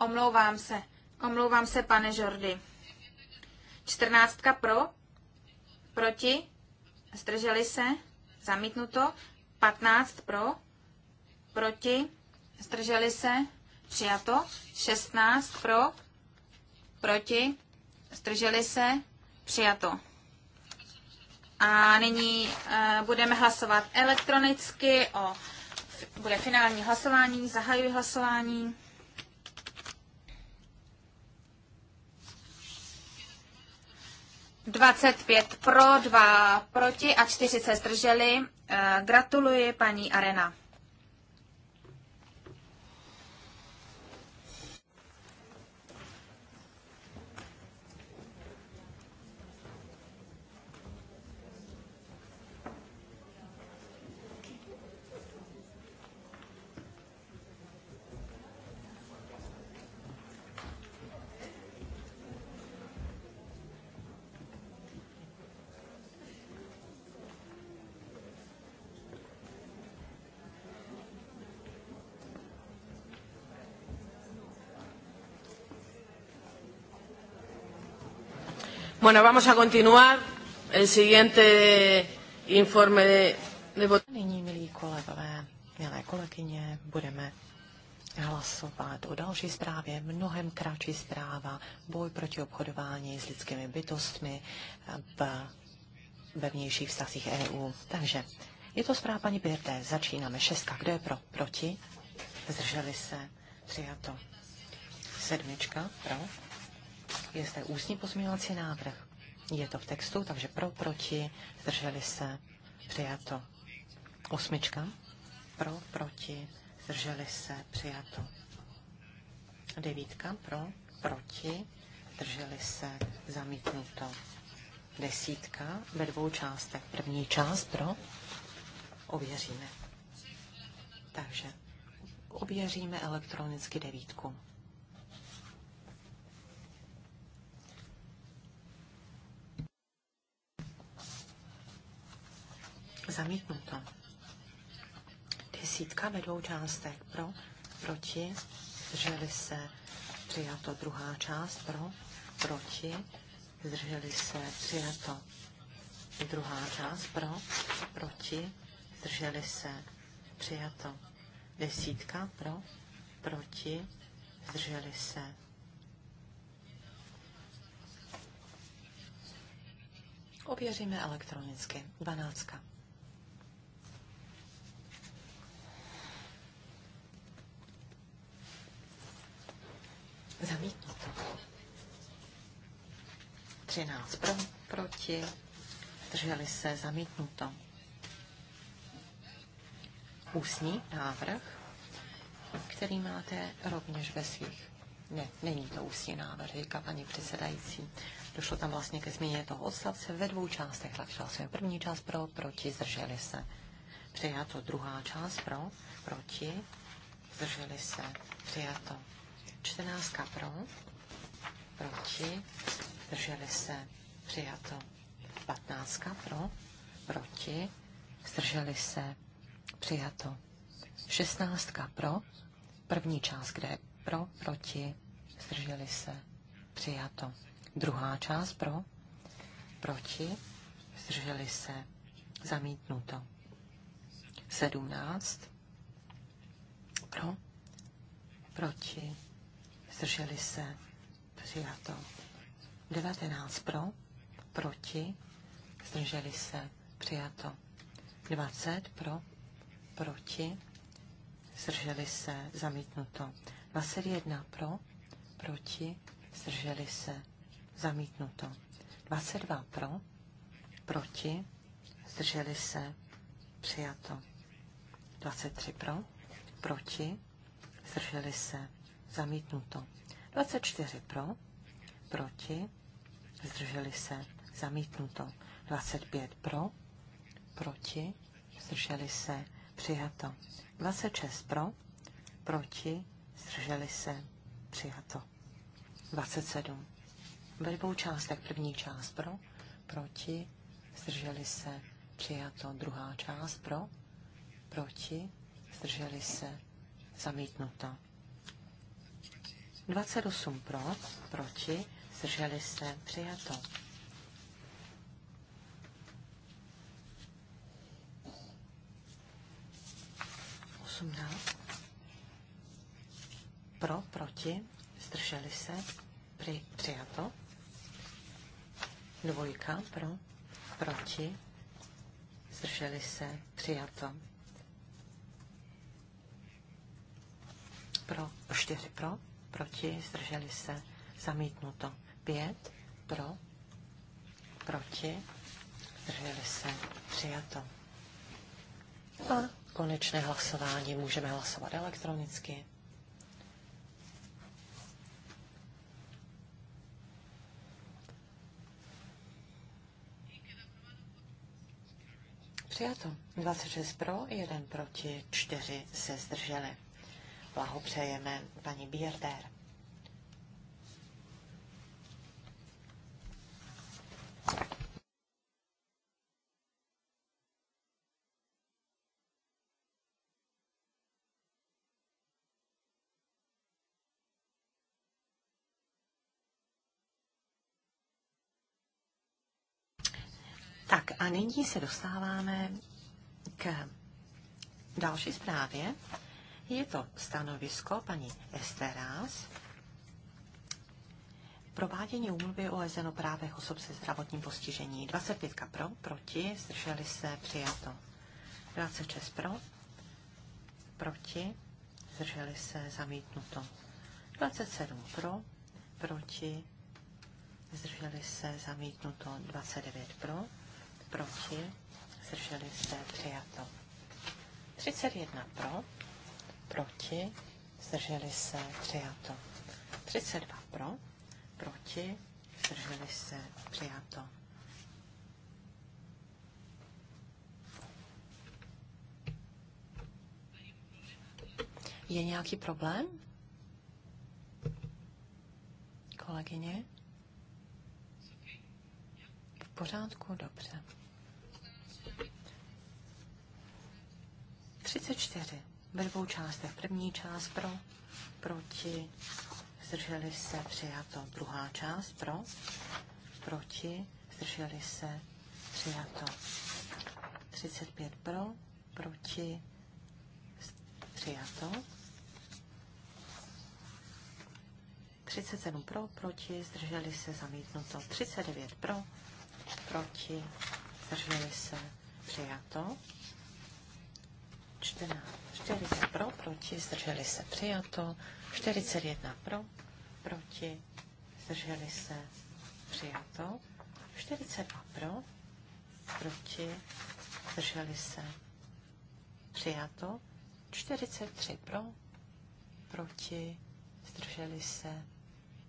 Omlouvám se, omlouvám se, pane Jordy. Čtrnáctka pro, proti, zdrželi se, zamítnuto. Patnáct pro, proti, zdrželi se, přijato. Šestnáct pro, proti, zdrželi se, přijato. A nyní eh, budeme hlasovat elektronicky o bude finální hlasování, zahajuji hlasování. Dvacet pět pro, dva proti a čtyři se zdrželi. Eh, gratuluji paní Arena. Bueno, vamos a continuar. El siguiente informe de, de Nyní, milí kolegové, milé kolegyně, budeme hlasovat o další zprávě, mnohem kratší zpráva, boj proti obchodování s lidskými bytostmi v, ve vnějších vztazích EU. Takže je to zpráva paní Birde. Začínáme. Šestka. Kdo je pro? Proti? Zdrželi se. Přijato. Sedmička. Pro? Je zde ústní pozměňovací návrh. Je to v textu, takže pro, proti, zdrželi se, přijato. Osmička. Pro, proti, zdrželi se, přijato. Devítka. Pro, proti, zdrželi se, zamítnuto. Desítka ve dvou částech. První část pro, ověříme. Takže ověříme elektronicky devítku. Zamítnuto. Desítka ve dvou částech. Pro, proti, zdrželi se. Přijato druhá část. Pro, proti, zdrželi se. Přijato druhá část. Pro, proti, zdrželi se. Přijato. Desítka pro, proti, zdrželi se. Ověříme elektronicky. Dvanáctka. Zamítnout. 13 pro, proti, drželi se, zamítnuto. Ústní návrh, který máte rovněž ve svých. Ne, není to ústní návrh, říká paní předsedající. Došlo tam vlastně ke změně toho odstavce ve dvou částech. Takže hlasujeme první část pro, proti, zdrželi se. Přijato druhá část pro, proti, zdrželi se. Přijato. 14 pro, proti, zdrželi se, přijato. 15 pro, proti, zdrželi se, přijato. 16 pro, první část, kde je pro, proti, zdrželi se, přijato. Druhá část pro, proti, zdrželi se, zamítnuto. 17 pro, proti, zdrželi se, přijato. 19 pro, proti, zdrželi se, přijato. 20 pro, proti, zdrželi se, zamítnuto. 21 pro, proti, zdrželi se, zamítnuto. 22 pro, proti, zdrželi se, přijato. 23 pro, proti, zdrželi se, zamítnuto. 24 pro, proti, zdrželi se, zamítnuto. 25 pro, proti, zdrželi se, přijato. 26 pro, proti, zdrželi se, přijato. 27. Ve dvou částech první část pro, proti, zdrželi se, přijato. Druhá část pro, proti, zdrželi se, zamítnuto. 28 pro, proti, zdrželi se, přijato. Pro, proti, zdrželi se, při, přijato. Dvojka pro, proti, zdrželi se, přijato. Pro, čtyři pro, proti, zdrželi se, zamítnuto. Pět pro, proti, zdrželi se, přijato. A konečné hlasování můžeme hlasovat elektronicky. Přijato. 26 pro, 1 proti, 4 se zdrželi. Blahopřejeme paní Bierder. Tak a nyní se dostáváme k další zprávě, je to stanovisko paní Esteras. Provádění úmluvy OSN o právech osob se zdravotním postižení. 25 pro, proti, zdrželi se, přijato. 26 pro, proti, zdrželi se, zamítnuto. 27 pro, proti, zdrželi se, zamítnuto. 29 pro, proti, zdrželi se, přijato. 31 pro, proti, zdrželi se, přijato. 32 pro, proti, zdrželi se, přijato. Je nějaký problém? Kolegyně? V pořádku, dobře. 34 ve dvou částech. První část pro, proti, zdrželi se, přijato. Druhá část pro, proti, zdrželi se, přijato. 35 pro, proti, přijato. 37 pro, proti, zdrželi se, zamítnuto. 39 pro, proti, zdrželi se, přijato. 14 40 pro, proti, zdrželi se přijato. 41 pro, proti, zdrželi se přijato. 42 pro, proti, zdrželi se přijato. 43 pro, proti, zdrželi se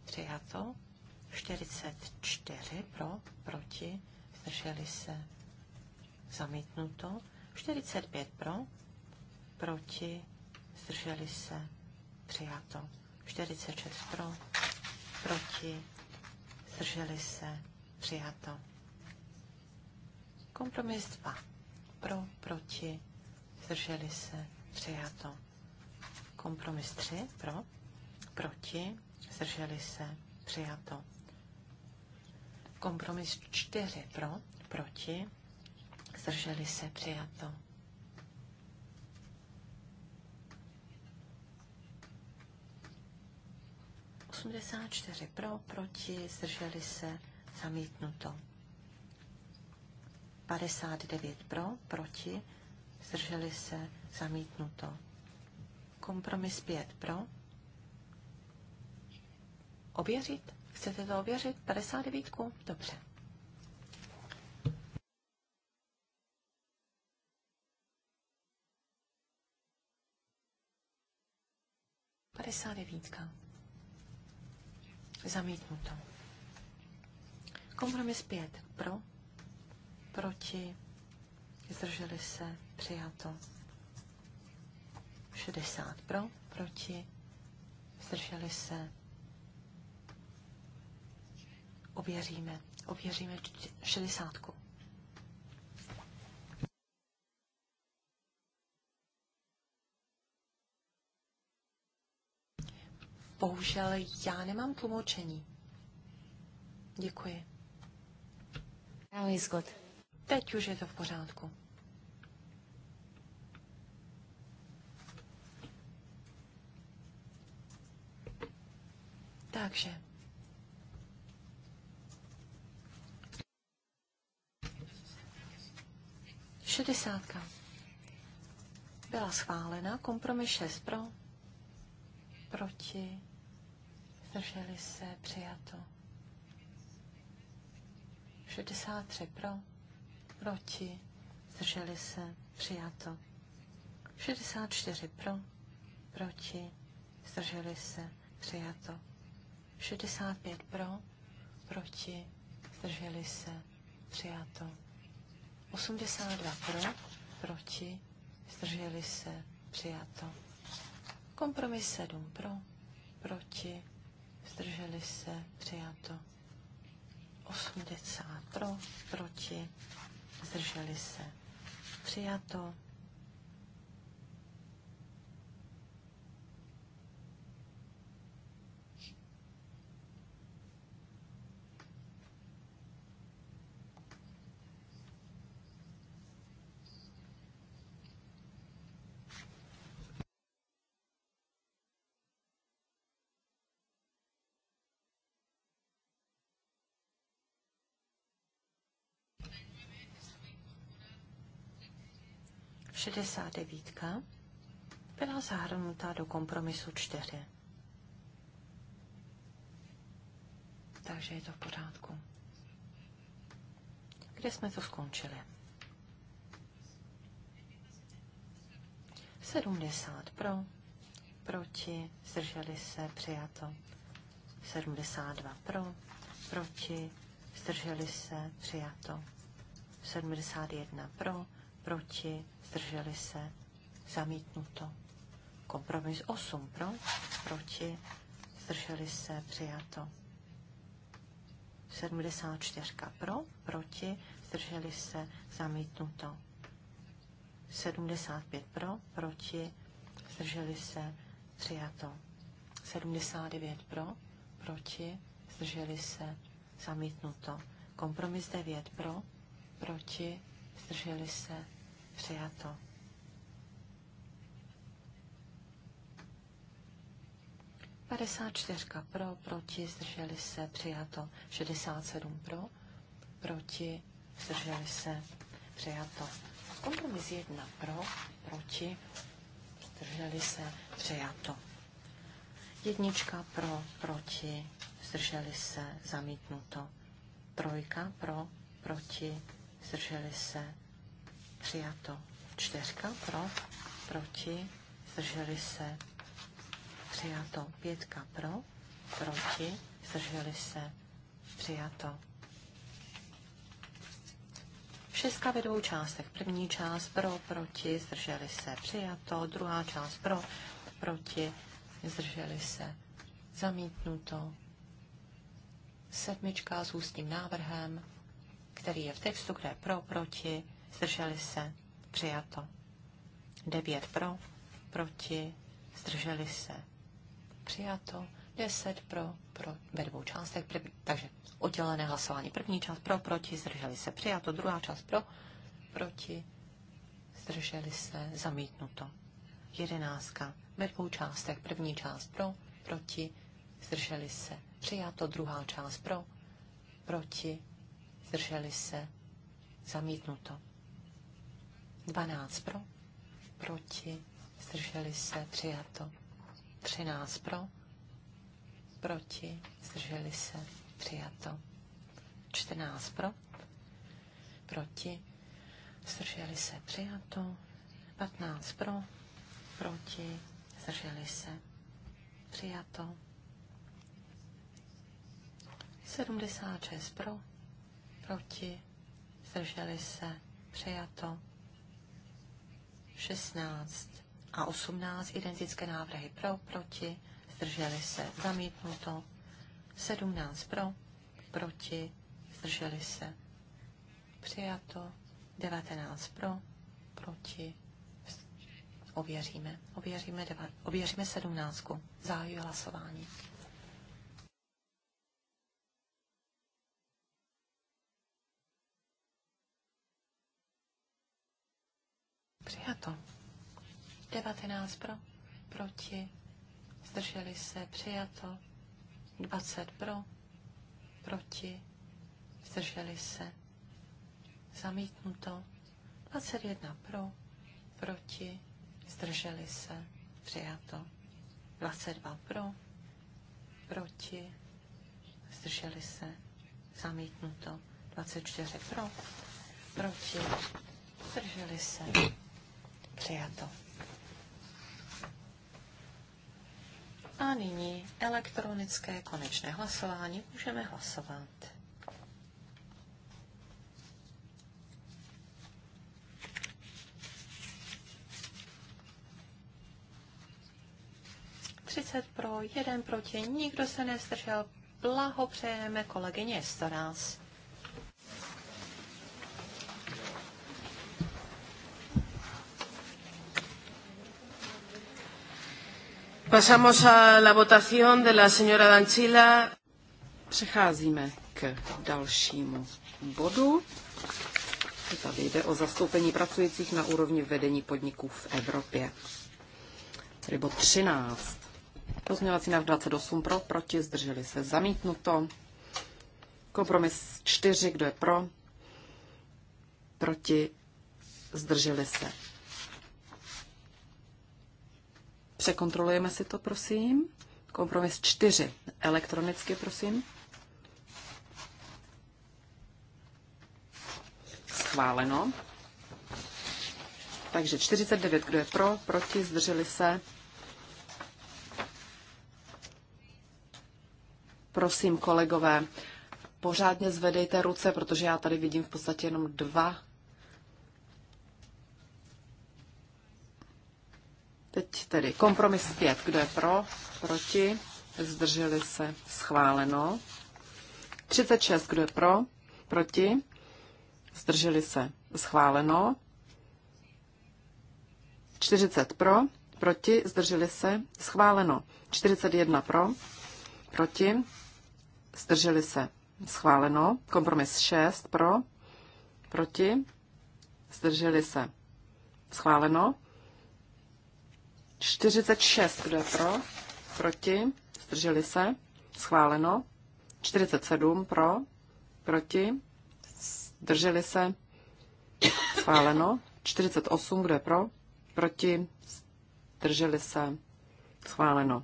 přijato. 44 pro, proti, zdrželi se zamítnuto. 45 pro, proti, zdrželi se, přijato. 46 pro, proti, zdrželi se, přijato. Kompromis 2. Pro, proti, zdrželi se, přijato. Kompromis 3. Pro, proti, zdrželi se, přijato. Kompromis 4. Pro, proti, zdrželi se, přijato. 84 pro, proti, zdrželi se, zamítnuto. 59 pro, proti, zdrželi se, zamítnuto. Kompromis 5 pro. Ověřit? Chcete to ověřit? 59? Dobře. Dobře. Padesát devítka. Zamítnuto. Kompromis 5. Pro, proti, zdrželi se, přijato. 60 pro, proti, zdrželi se. Ověříme, ověříme 60. Bohužel já nemám tlumočení. Děkuji. Now is Teď už je to v pořádku. Takže. Šedesátka. Byla schválena. Kompromis 6 pro. Proti zdrželi se, přijato. 63 pro, proti, zdrželi se, přijato. 64 pro, proti, zdrželi se, přijato. 65 pro, proti, zdrželi se, přijato. 82 pro, proti, zdrželi se, přijato. Kompromis 7 pro, proti, zdrželi se, přijato. 80 pro, proti, zdrželi se, přijato. 69 byla zahrnuta do kompromisu 4. Takže je to v pořádku. Kde jsme to skončili? 70 pro, proti, zdrželi se, přijato. 72 pro, proti, zdrželi se, přijato. 71 pro, proti, zdrželi se, zamítnuto. Kompromis 8 pro, proti, zdrželi se, přijato. 74 pro, proti, zdrželi se, zamítnuto. 75 pro, proti, zdrželi se, přijato. 79 pro, proti, zdrželi se, zamítnuto. Kompromis 9 pro, proti, zdrželi se, Přijato. Padesát čtyřka pro, proti, zdrželi se, přijato. Šedesát sedm pro, proti, zdrželi se, přijato. Kompromis jedna pro, proti, zdrželi se, přijato. Jednička pro, proti, zdrželi se, zamítnuto. Trojka pro, proti, zdrželi se, Přijato. Čtyřka pro, proti, zdrželi se. Přijato. Pětka pro, proti, zdrželi se. Přijato. Šestka ve dvou částech. První část pro, proti, zdrželi se. Přijato. Druhá část pro, proti, zdrželi se. Zamítnuto. Sedmička s ústním návrhem, který je v textu, kde je pro, proti, zdrželi se, přijato. 9 pro, proti, zdrželi se, přijato. 10 pro, pro ve dvou částech, první, takže oddělené hlasování. První část pro, proti, zdrželi se, přijato. Druhá část pro, proti, zdrželi se, zamítnuto. Jedenáctka ve dvou částech, první část pro, proti, zdrželi se, přijato. Druhá část pro, proti, zdrželi se, zamítnuto. 12 pro, proti, zdrželi se, přijato. 13 pro, proti, zdrželi se, přijato. 14 pro, proti, zdrželi se, přijato. 15 pro, proti, zdrželi se, přijato. 76 pro, proti, zdrželi se, přijato. 16 a 18 identické návrhy pro, proti, zdrželi se, zamítnuto, 17 pro, proti, zdrželi se, přijato, 19 pro, proti, ověříme, ověříme, deva, ověříme 17. Zahajuji hlasování. Přijato. 19 pro, proti, zdrželi se, přijato. 20 pro, proti, zdrželi se, zamítnuto. 21 pro, proti, zdrželi se, přijato. 22 pro, proti, zdrželi se, zamítnuto. 24 pro, proti, zdrželi se. Přijato. A nyní elektronické konečné hlasování. Můžeme hlasovat. pro, jeden proti, nikdo se nezdržel. Blahopřejeme kolegyně Estorás. Pasamos a la votación de la señora Danchila. Přecházíme k dalšímu bodu. Tady jde o zastoupení pracujících na úrovni vedení podniků v Evropě. Tady bod 13. Pozměňovací návrh 28 pro, proti, zdrželi se, zamítnuto. Kompromis 4, kdo je pro, proti, zdrželi se, Překontrolujeme si to, prosím. Kompromis 4. Elektronicky, prosím. Schváleno. Takže 49, kdo je pro, proti, zdrželi se. Prosím, kolegové, pořádně zvedejte ruce, protože já tady vidím v podstatě jenom dva Teď tedy kompromis 5. Kdo je pro? Proti? Zdrželi se? Schváleno. 36. Kdo je pro? Proti? Zdrželi se? Schváleno. 40 pro, proti, zdrželi se, schváleno. 41 pro, proti, zdrželi se, schváleno. Kompromis 6 pro, proti, zdrželi se, schváleno. 46, kdo je pro? Proti? Zdrželi se? Schváleno. 47 pro? Proti? Zdrželi se? Schváleno. 48, kdo je pro? Proti? Zdrželi se? Schváleno.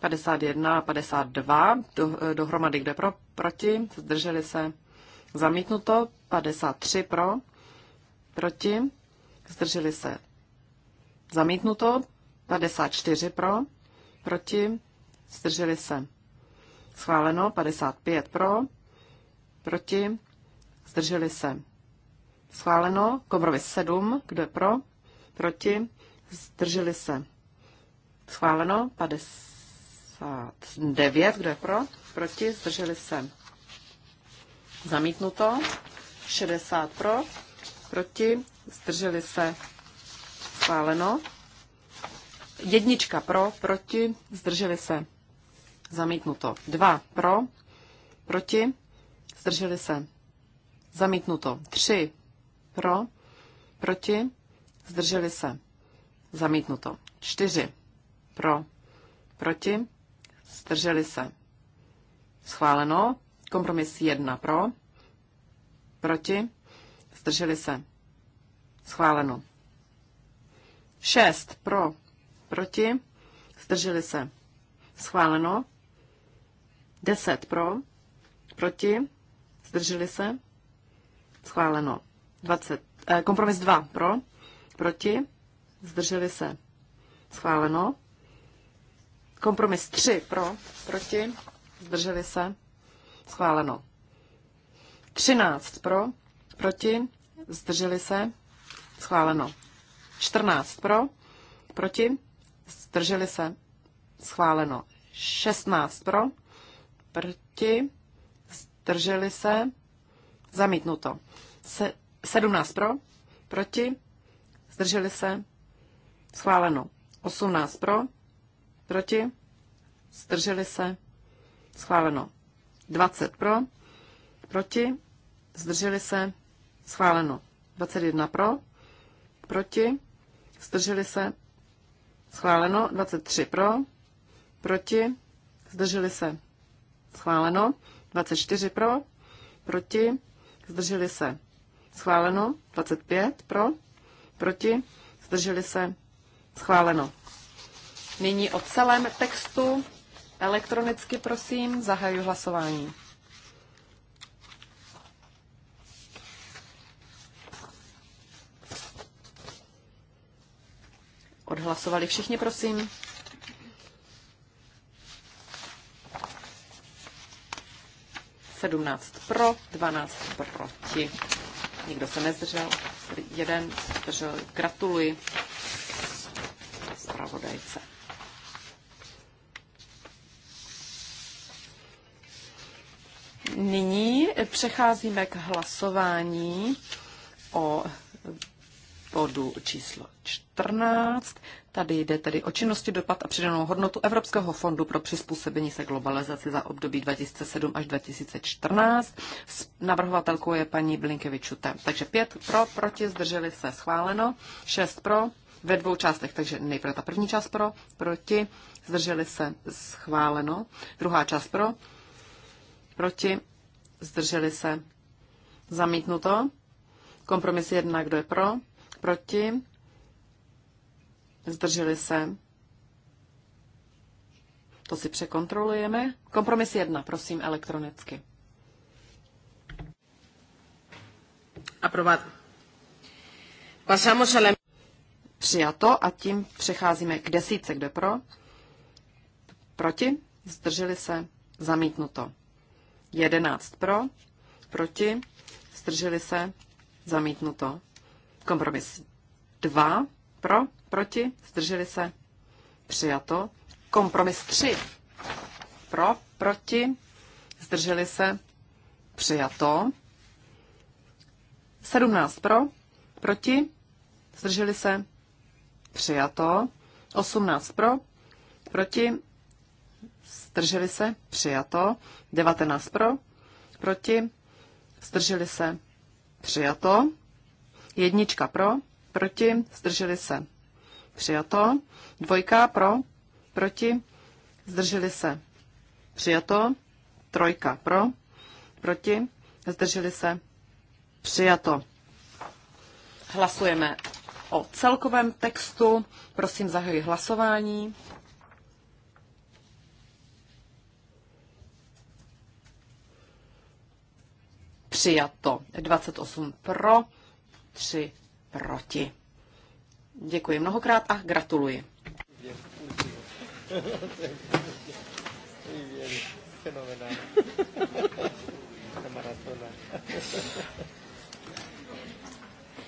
51 a 52 do, dohromady, kde pro, proti, zdrželi se, zamítnuto, 53 pro, proti, zdrželi se, zamítnuto, 54 pro, proti, zdrželi se. Schváleno 55 pro, proti, zdrželi se. Schváleno kompromis 7, kdo je pro, proti, zdrželi se. Schváleno 59, kdo je pro, proti, zdrželi se. Zamítnuto 60 pro, proti, zdrželi se. Schváleno Jednička pro, proti, zdrželi se. Zamítnuto. Dva pro, proti, zdrželi se. Zamítnuto. Tři pro, proti, zdrželi se. Zamítnuto. Čtyři pro, proti, zdrželi se. Schváleno. Kompromis jedna pro, proti, zdrželi se. Schváleno. šest pro, proti, zdrželi se. Schváleno. 10 pro, proti, zdrželi se. Schváleno. 20, eh, kompromis 2 pro, proti, zdrželi se. Schváleno. Kompromis 3 pro, proti, zdrželi se. Schváleno. 13 pro, proti, zdrželi se. Schváleno. 14 pro, proti, zdrželi se, schváleno 16 pro, proti, zdrželi se, zamítnuto. Se, 17 pro, proti, zdrželi se, schváleno 18 pro, proti, zdrželi se, schváleno 20 pro, proti, zdrželi se, schváleno 21 pro, proti, zdrželi se, Schváleno. 23 pro. Proti. Zdrželi se. Schváleno. 24 pro. Proti. Zdrželi se. Schváleno. 25 pro. Proti. Zdrželi se. Schváleno. Nyní o celém textu. Elektronicky prosím, zahaju hlasování. Odhlasovali všichni, prosím. Sedmnáct pro, dvanáct proti. Nikdo se nezdržel. Jeden zdržel. Gratuluji zpravodajce. Nyní přecházíme k hlasování o bodu číslo 14. Tady jde tedy o činnosti dopad a přidanou hodnotu Evropského fondu pro přizpůsobení se globalizaci za období 2007 až 2014. Navrhovatelkou je paní Blinkevičuta. Takže pět pro, proti, zdrželi se, schváleno. Šest pro, ve dvou částech, takže nejprve ta první část pro, proti, zdrželi se, schváleno. Druhá část pro, proti, zdrželi se, zamítnuto. Kompromis jedna, kdo je pro, Proti? Zdrželi se? To si překontrolujeme. Kompromis jedna, prosím, elektronicky. Aprobado. Pasamos a la... Přijato a tím přecházíme k desíce, Kdo pro? Proti? Zdrželi se? Zamítnuto. 11 pro, proti, zdrželi se, zamítnuto. Kompromis 2 pro, proti, zdrželi se, přijato. Kompromis 3 pro, proti, zdrželi se, přijato. 17 pro, proti, zdrželi se, přijato. 18 pro, proti, zdrželi se, přijato. 19 pro, proti, zdrželi se, přijato. Jednička pro, proti, zdrželi se. Přijato. Dvojka pro, proti, zdrželi se. Přijato. Trojka pro, proti, zdrželi se. Přijato. Hlasujeme o celkovém textu. Prosím, zahajuji hlasování. Přijato 28 pro, 3 proti. Děkuji mnohokrát a gratuluji.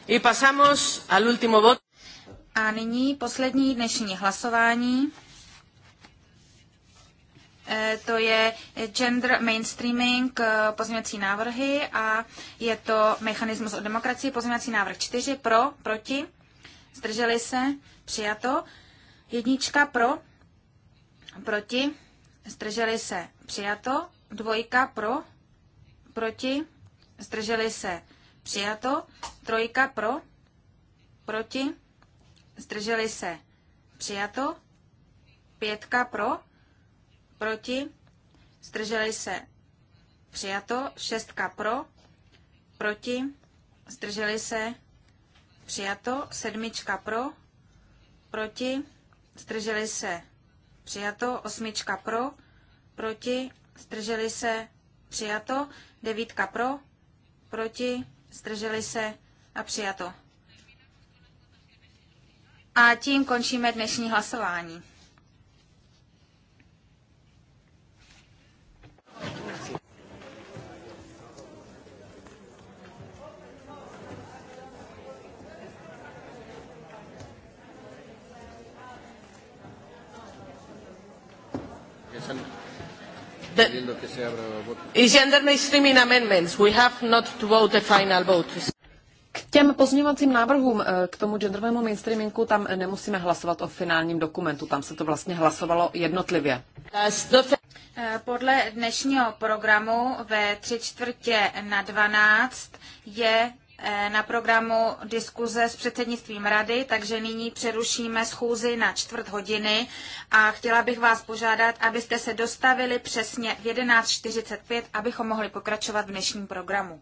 Y pasamos al último voto. A nyní poslední dnešní hlasování. Eh, to je gender mainstreaming eh, pozměňovací návrhy a je to mechanismus o demokracii pozměňovací návrh 4 pro, proti, zdrželi se, přijato, jednička pro, proti, zdrželi se, přijato, dvojka pro, proti, zdrželi se, přijato, trojka pro, proti, zdrželi se, přijato, pětka pro, proti, zdrželi se přijato, šestka pro, proti, zdrželi se přijato, sedmička pro, proti, zdrželi se přijato, osmička pro, proti, zdrželi se přijato, devítka pro, proti, zdrželi se a přijato. A tím končíme dnešní hlasování. to K těm pozměňovacím návrhům, eh, k tomu genderovému mainstreamingu, tam nemusíme hlasovat o finálním dokumentu, tam se to vlastně hlasovalo jednotlivě. Eh, podle dnešního programu ve tři čtvrtě na 12 je Eh, na programu diskuze s předsednictvím rady, takže nyní přerušíme schůzi na čtvrt hodiny a chtěla bych vás požádat, abyste se dostavili přesně v 11.45, abychom mohli pokračovat v dnešním programu.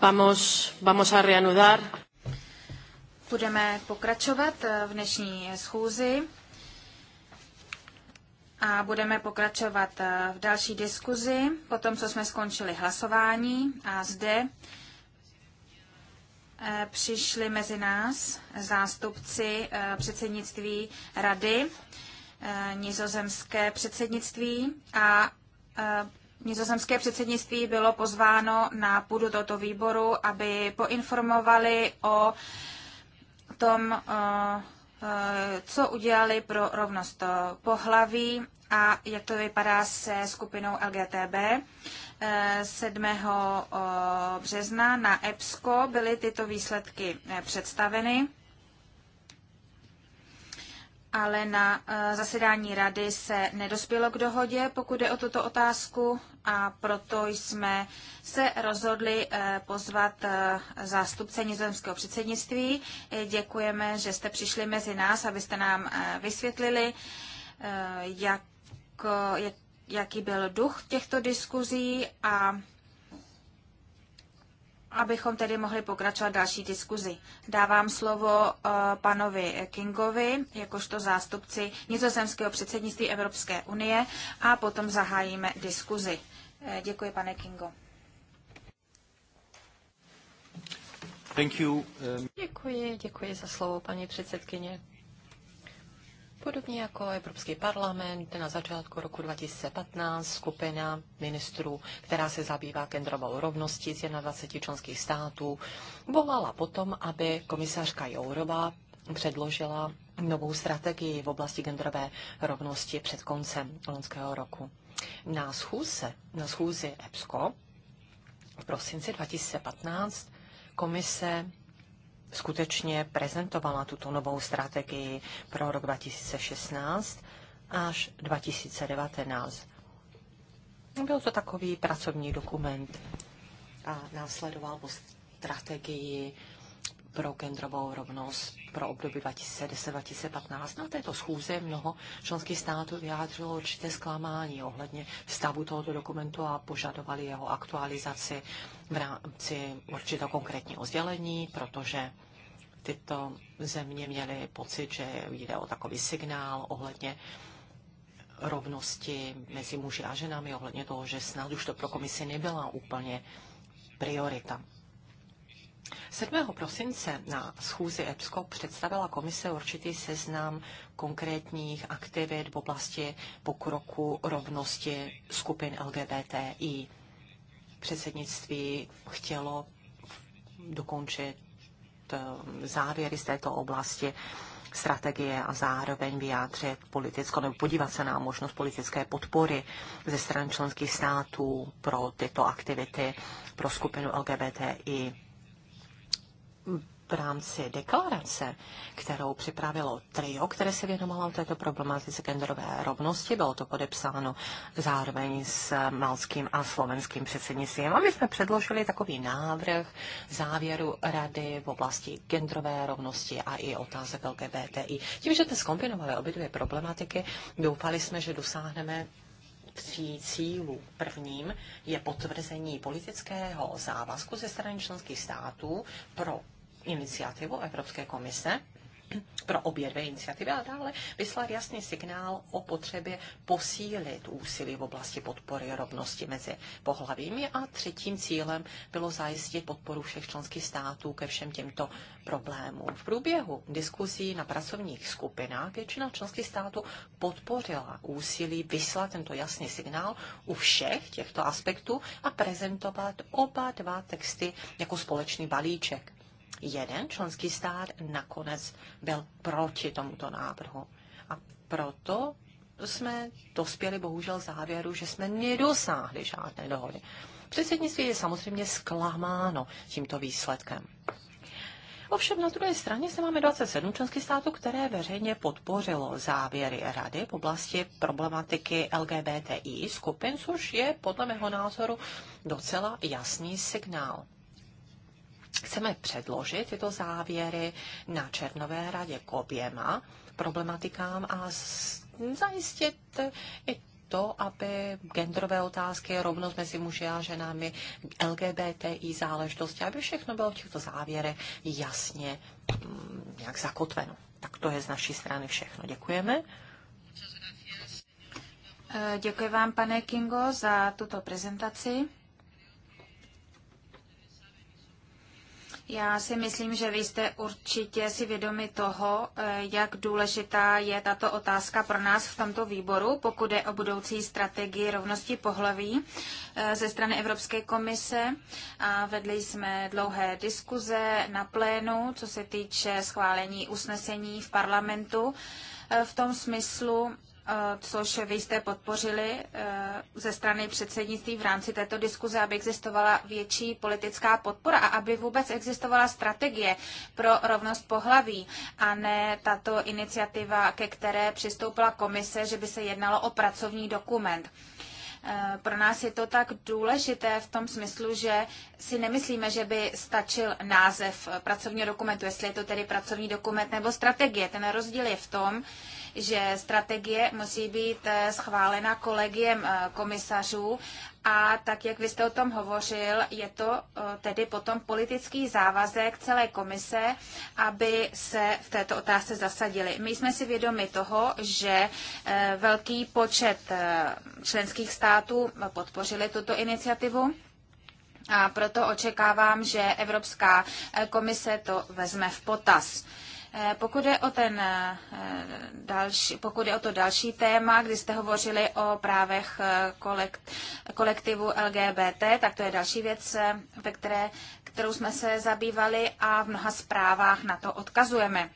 Vamos, vamos a reanudar. Budeme pokračovat v dnešní schůzi a budeme pokračovat v další diskuzi, po tom, co jsme skončili hlasování a zde eh, přišli mezi nás zástupci eh, předsednictví rady, eh, nizozemské předsednictví a Nizozemské předsednictví bylo pozváno na půdu tohoto výboru, aby poinformovali o tom, eh, eh, co udělali pro rovnost pohlaví a jak to vypadá se skupinou LGTB. 7. Eh, března na EPSCO byly tyto výsledky představeny ale na eh, zasedání rady se nedospělo k dohodě, pokud jde o tuto otázku, a proto jsme se rozhodli eh, pozvat eh, zástupce nizozemského předsednictví. Děkujeme, že jste přišli mezi nás, abyste nám vysvětlili, jak, jaký byl duch těchto diskuzí a abychom tedy mohli pokračovat další diskuzi. Dávám slovo eh, panovi Kingovi, jakožto zástupci nizozemského předsednictví Evropské unie a potom zahájíme diskuzi. Eh, děkuji, pane Kingo. Thank you. Eh, děkuji, děkuji za slovo, paní předsedkyně. Podobně jako Evropský parlament na začátku roku 2015 skupina ministrů, která se zabývá genderovou rovností z 21 členských států, volala potom, aby komisařka Jourova předložila novou strategii v oblasti genderové rovnosti před koncem loňského roku. Na schůze, na schůzi EPSCO v prosinci 2015 komise skutečně prezentovala tuto novou strategii pro rok 2016 až 2019. Byl to takový pracovní dokument a následoval po strategii pro genderovou rovnost pro období 2010-2015. Na této schůze mnoho členských států vyjádřilo určité zklamání ohledně stavu tohoto dokumentu a požadovali jeho aktualizaci v rámci určitého konkrétního sdělení, protože tyto země měly pocit, že jde o takový signál ohledně rovnosti mezi muži a ženami, ohledně toho, že snad už to pro komisi nebyla úplně priorita. 7. prosince na schůzi EPSCO představila komise určitý seznam konkrétních aktivit v oblasti pokroku rovnosti skupin LGBTI. Předsednictví chtělo dokončit ehm, závěry z této oblasti strategie a zároveň vyjádřit politickou nebo podívat se na možnost politické podpory ze strany členských států pro tyto aktivity pro skupinu LGBTI v rámci deklarace, kterou připravilo trio, které se věnovalo této problematice genderové rovnosti. Bylo to podepsáno zároveň s malským a slovenským předsednictvím. A my jsme předložili takový návrh závěru rady v oblasti genderové rovnosti a i otázek LGBTI. Tím, že jsme zkombinovali obě dvě problematiky, doufali jsme, že dosáhneme tří cílů. Prvním je potvrzení politického závazku ze strany členských států pro iniciativu Evropské komise pro obě dvě iniciativy a dále vyslat jasný signál o potřebě posílit úsilí v oblasti podpory rovnosti mezi pohlavími a třetím cílem bylo zajistit podporu všech členských států ke všem těmto problémům. V průběhu diskuzí na pracovních skupinách většina členských států podpořila úsilí vyslat tento jasný signál u všech těchto aspektů a prezentovat oba dva texty jako společný balíček jeden členský stát nakonec byl proti tomuto návrhu. A proto jsme dospěli bohužel závěru, že jsme nedosáhli žádné dohody. Předsednictví je samozřejmě zklamáno tímto výsledkem. Ovšem na druhé straně se máme 27 členských států, které veřejně podpořilo závěry Rady v oblasti problematiky LGBTI skupin, což je podle mého názoru docela jasný signál. Chceme předložit tyto závěry na Černové radě k oběma problematikám a zajistit i to, aby genderové otázky, rovnost mezi muži a ženami, LGBTI záležitosti, aby všechno bylo v těchto závěrech jasně nějak mm, zakotveno. Tak to je z naší strany všechno. Děkujeme. Děkuji vám, pane Kingo, za tuto prezentaci. Já si myslím, že vy jste určitě si vědomi toho, eh, jak důležitá je tato otázka pro nás v tomto výboru, pokud je o budoucí strategii rovnosti pohlaví eh, ze strany Evropské komise. A vedli jsme dlouhé diskuze na plénu, co se týče schválení usnesení v parlamentu eh, v tom smyslu, Eh, což vy jste podpořili eh, ze strany předsednictví v rámci této diskuze, aby existovala větší politická podpora a aby vůbec existovala strategie pro rovnost pohlaví a ne tato iniciativa, ke které přistoupila komise, že by se jednalo o pracovní dokument. Eh, pro nás je to tak důležité v tom smyslu, že si nemyslíme, že by stačil název pracovního dokumentu, jestli je to tedy pracovní dokument nebo strategie. Ten rozdíl je v tom, že strategie musí být eh, schválena kolegiem eh, komisařů a tak, jak vy jste o tom hovořil, je to eh, tedy potom politický závazek celé komise, aby se v této otázce zasadili. My jsme si vědomi toho, že eh, velký počet eh, členských států podpořili tuto iniciativu. A proto očekávám, že Evropská komise to vezme v potaz. Eh, pokud je o, ten eh, další, pokud je o to další téma, kdy jste hovořili o právech eh, kolekt, kolektivu LGBT, tak to je další věc, ve které, kterou jsme se zabývali a v mnoha zprávách na to odkazujeme.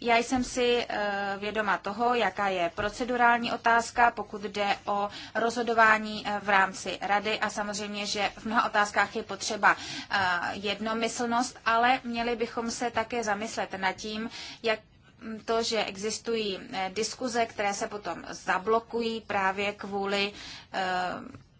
Já jsem si eh, vědoma toho, jaká je procedurální otázka, pokud jde o rozhodování eh, v rámci rady a samozřejmě, že v mnoha otázkách je potřeba eh, jednomyslnost, ale měli bychom se také zamyslet nad tím, jak hm, to, že existují diskuze, které se potom zablokují právě kvůli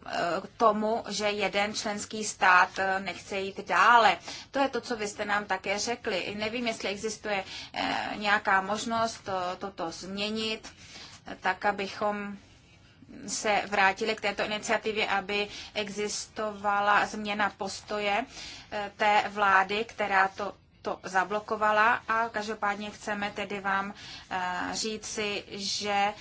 Eh, tomu, že jeden členský stát eh, nechce jít dále. To je to, co vy jste nám také řekli. Nevím, jestli existuje eh, nějaká možnost toto změnit, tak abychom se vrátili k této iniciativě, aby existovala změna postoje té vlády, která to to zablokovala a každopádně chceme tedy vám říci, že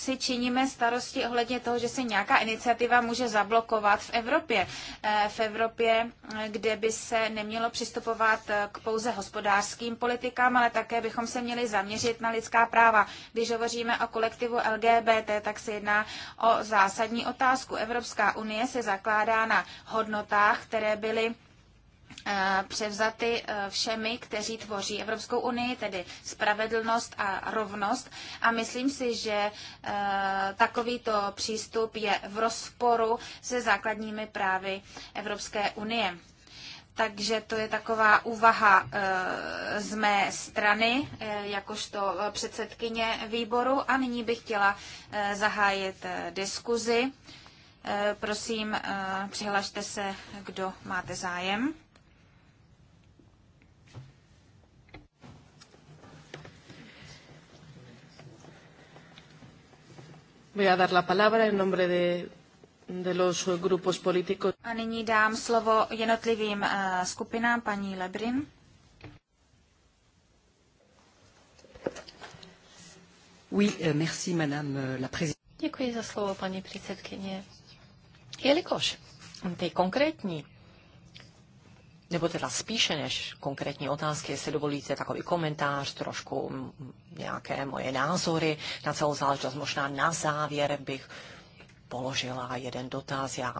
si činíme starosti ohledně toho, že se nějaká iniciativa může zablokovat v Evropě. Eh, v Evropě, eh, kde by se nemělo přistupovat eh, k pouze hospodářským politikám, ale také bychom se měli zaměřit na lidská práva. Když hovoříme o kolektivu LGBT, tak se jedná o zásadní otázku. Evropská unie se zakládá na hodnotách, které byly Eh, převzaty eh, všemi, kteří tvoří Evropskou unii, tedy spravedlnost a rovnost. A myslím si, že eh, takovýto přístup je v rozporu se základními právy Evropské unie. Takže to je taková úvaha z mé strany, jakožto předsedkyně výboru. A nyní bych chtěla zahájit diskuzi. Prosím, přihlašte se, kdo máte zájem. Voy a dar la palabra en nombre de, de los grupos políticos. A nyní dám slovo jednotlivým uh, skupinám, paní Lebrin. Oui, uh, merci, madame uh, la Děkuji za slovo, paní předsedkyně. Jelikož ty konkrétní nebo teda spíše než konkrétní otázky, jestli dovolíte takový komentář, trošku nějaké moje názory na celou záležitost. Možná na závěr bych položila jeden dotaz. Já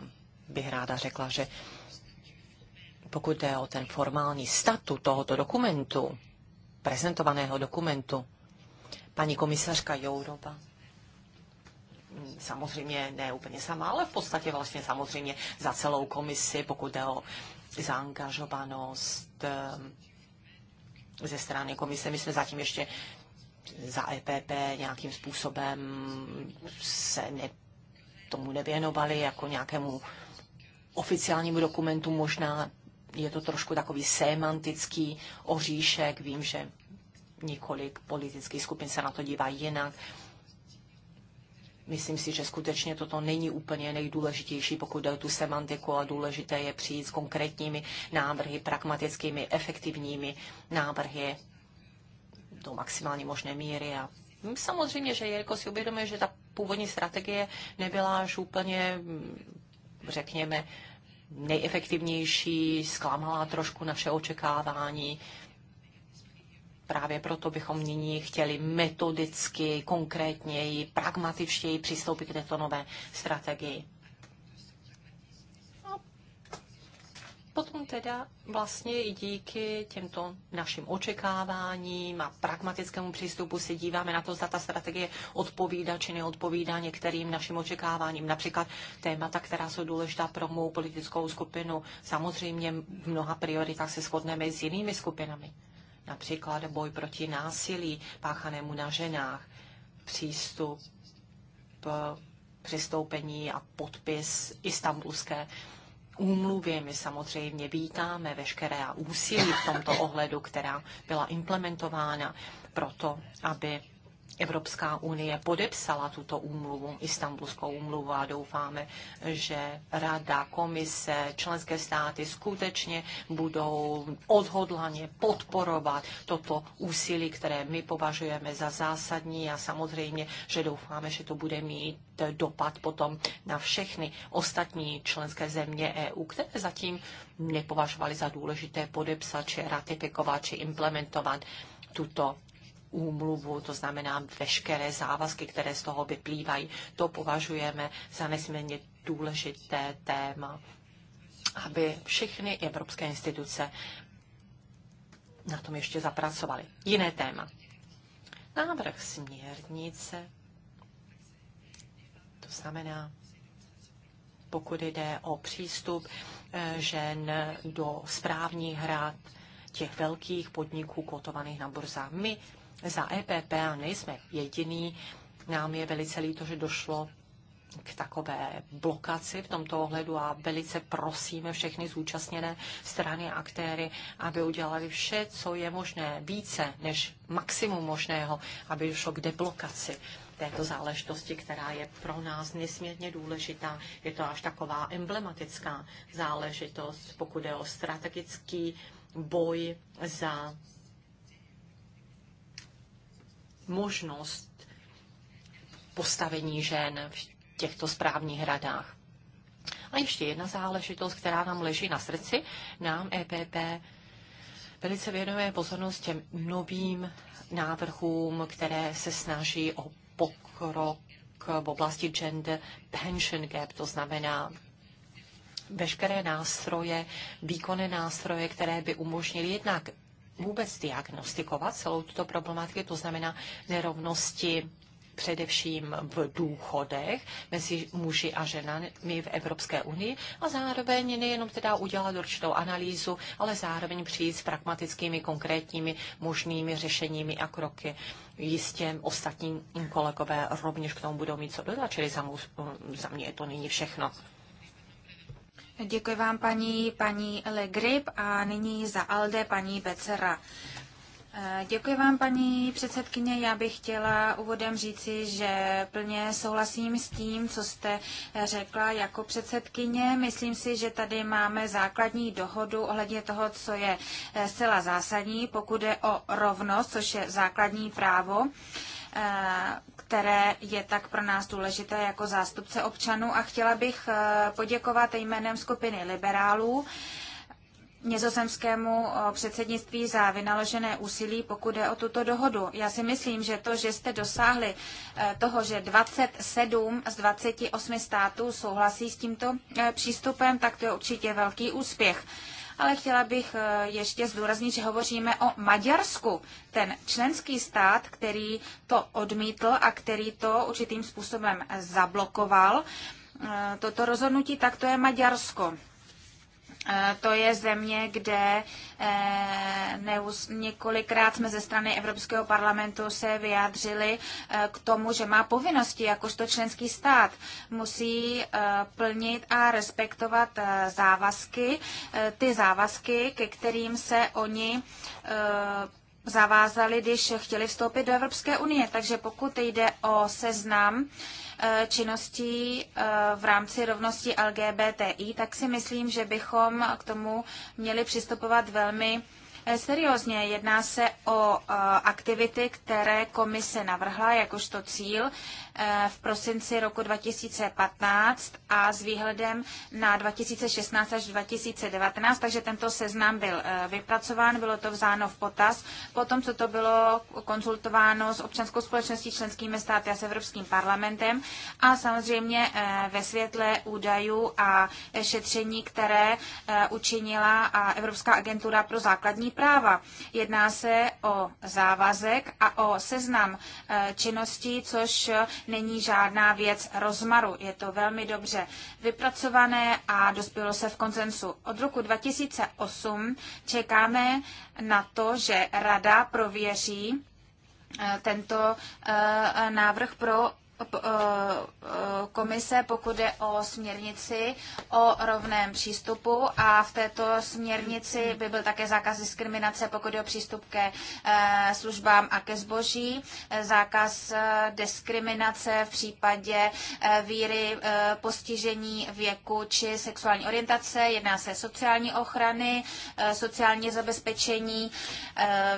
bych ráda řekla, že pokud jde o ten formální statut tohoto dokumentu, prezentovaného dokumentu, paní komisařka Jourova, samozřejmě ne úplně sama, ale v podstatě vlastně samozřejmě za celou komisi, pokud jde o zaangažovanost ehm, ze strany komise. My jsme zatím ještě za EPP nějakým způsobem se ne, tomu nevěnovali jako nějakému oficiálnímu dokumentu. Možná je to trošku takový semantický oříšek. Vím, že několik politických skupin se na to dívá jinak. Myslím si, že skutečně toto není úplně nejdůležitější, pokud jde o tu semantiku a důležité je přijít s konkrétními návrhy, pragmatickými, efektivními návrhy do maximální možné míry a Samozřejmě, že jako si uvědomuje, že ta původní strategie nebyla až úplně, řekněme, nejefektivnější, zklamala trošku naše očekávání. Právě proto bychom nyní chtěli metodicky, konkrétněji, pragmatičtěji přistoupit k této nové strategii. A potom teda vlastně i díky těmto našim očekáváním a pragmatickému přístupu se díváme na to, zda ta strategie odpovídá či neodpovídá některým našim očekáváním. Například témata, která jsou důležitá pro mou politickou skupinu. Samozřejmě v mnoha prioritách se shodneme s jinými skupinami například boj proti násilí páchanému na ženách, přístup, eh, přistoupení a podpis istambulské úmluvy. My samozřejmě vítáme veškeré úsilí v tomto ohledu, která byla implementována proto, aby Evropská unie podepsala tuto úmluvu, Istanbulskou úmluvu a doufáme, že rada, komise, členské státy skutečně budou odhodlaně podporovat toto úsilí, které my považujeme za zásadní a samozřejmě, že doufáme, že to bude mít dopad potom na všechny ostatní členské země EU, které zatím nepovažovali za důležité podepsat, či ratifikovat, či implementovat tuto úmluvu, to znamená veškeré závazky, které z toho vyplývají. To považujeme za nesmírně důležité téma, aby všechny evropské instituce na tom ještě zapracovali. Jiné téma. Návrh směrnice, to znamená, pokud jde o přístup eh, žen do správních hrad těch velkých podniků kotovaných na burzách. My za EPP, a nejsme jediný, nám je velice líto, že došlo k takové blokaci v tomto ohledu a velice prosíme všechny zúčastněné strany a aktéry, aby udělali vše, co je možné, více než maximum možného, aby došlo k deblokaci této záležitosti, která je pro nás nesmírně důležitá. Je to až taková emblematická záležitost, pokud je o strategický boj za možnost postavení žen v těchto správních radách. A ještě jedna záležitost, která nám leží na srdci, nám EPP velice věnuje pozornost těm novým návrhům, které se snaží o pokrok v oblasti gender pension gap, to znamená veškeré nástroje, výkonné nástroje, které by umožnily jednak vůbec diagnostikovat celou tuto problematiku, to znamená nerovnosti především v důchodech mezi muži a ženami v Evropské unii a zároveň nejenom teda udělat určitou analýzu, ale zároveň přijít s pragmatickými, konkrétními možnými řešeními a kroky. Jistě ostatní kolegové rovněž k tomu budou mít co dodat, čili za, za mě je to nyní všechno. Děkuji vám paní, paní Le Grip a nyní za ALDE paní Becera. Eh, děkuji vám, paní předsedkyně. Já bych chtěla úvodem říci, že plně souhlasím s tím, co jste eh, řekla jako předsedkyně. Myslím si, že tady máme základní dohodu ohledně toho, co je eh, zcela zásadní, pokud je o rovnost, což je základní právo které je tak pro nás důležité jako zástupce občanů. A chtěla bych eh, poděkovat jménem skupiny liberálů nězozemskému eh, předsednictví za vynaložené úsilí, pokud jde o tuto dohodu. Já si myslím, že to, že jste dosáhli eh, toho, že 27 z 28 států souhlasí s tímto přístupem, tak to je určitě velký úspěch ale chtěla bych eh, ještě zdůraznit, že hovoříme o Maďarsku. Ten členský stát, který to odmítl a který to určitým způsobem zablokoval, eh, toto rozhodnutí, tak to je Maďarsko. Eh, to je země, kde eh, neus, několikrát jsme ze strany Evropského parlamentu se vyjádřili eh, k tomu, že má povinnosti jakožto členský stát. Musí plnit a respektovat závazky, ty závazky, ke kterým se oni zavázali, když chtěli vstoupit do Evropské unie. Takže pokud jde o seznam eh, činností eh, v rámci rovnosti LGBTI, tak si myslím, že bychom k tomu měli přistupovat velmi Eh, seriózně. Jedná se o eh, aktivity, které komise navrhla jakožto cíl eh, v prosinci roku 2015 a s výhledem na 2016 až 2019, takže tento seznam byl vypracován, bylo to vzáno v potaz. Potom, co to bylo konzultováno s občanskou společností, členskými státy a s Evropským parlamentem a samozřejmě ve světle údajů a šetření, které učinila Evropská agentura pro základní práva. Jedná se o závazek a o seznam eh, činností, což není žádná věc rozmaru. Je to velmi dobře vypracované a dospělo se v koncensu. Od roku 2008 čekáme na to, že Rada prověří eh, tento eh, návrh pro Eh, eh, komise, pokud je o směrnici o rovném přístupu a v této směrnici by byl také zákaz diskriminace, pokud je o přístup ke eh, službám a ke zboží, zákaz diskriminace v případě víry, postižení věku či sexuální orientace, jedná se sociální ochrany, sociální zabezpečení,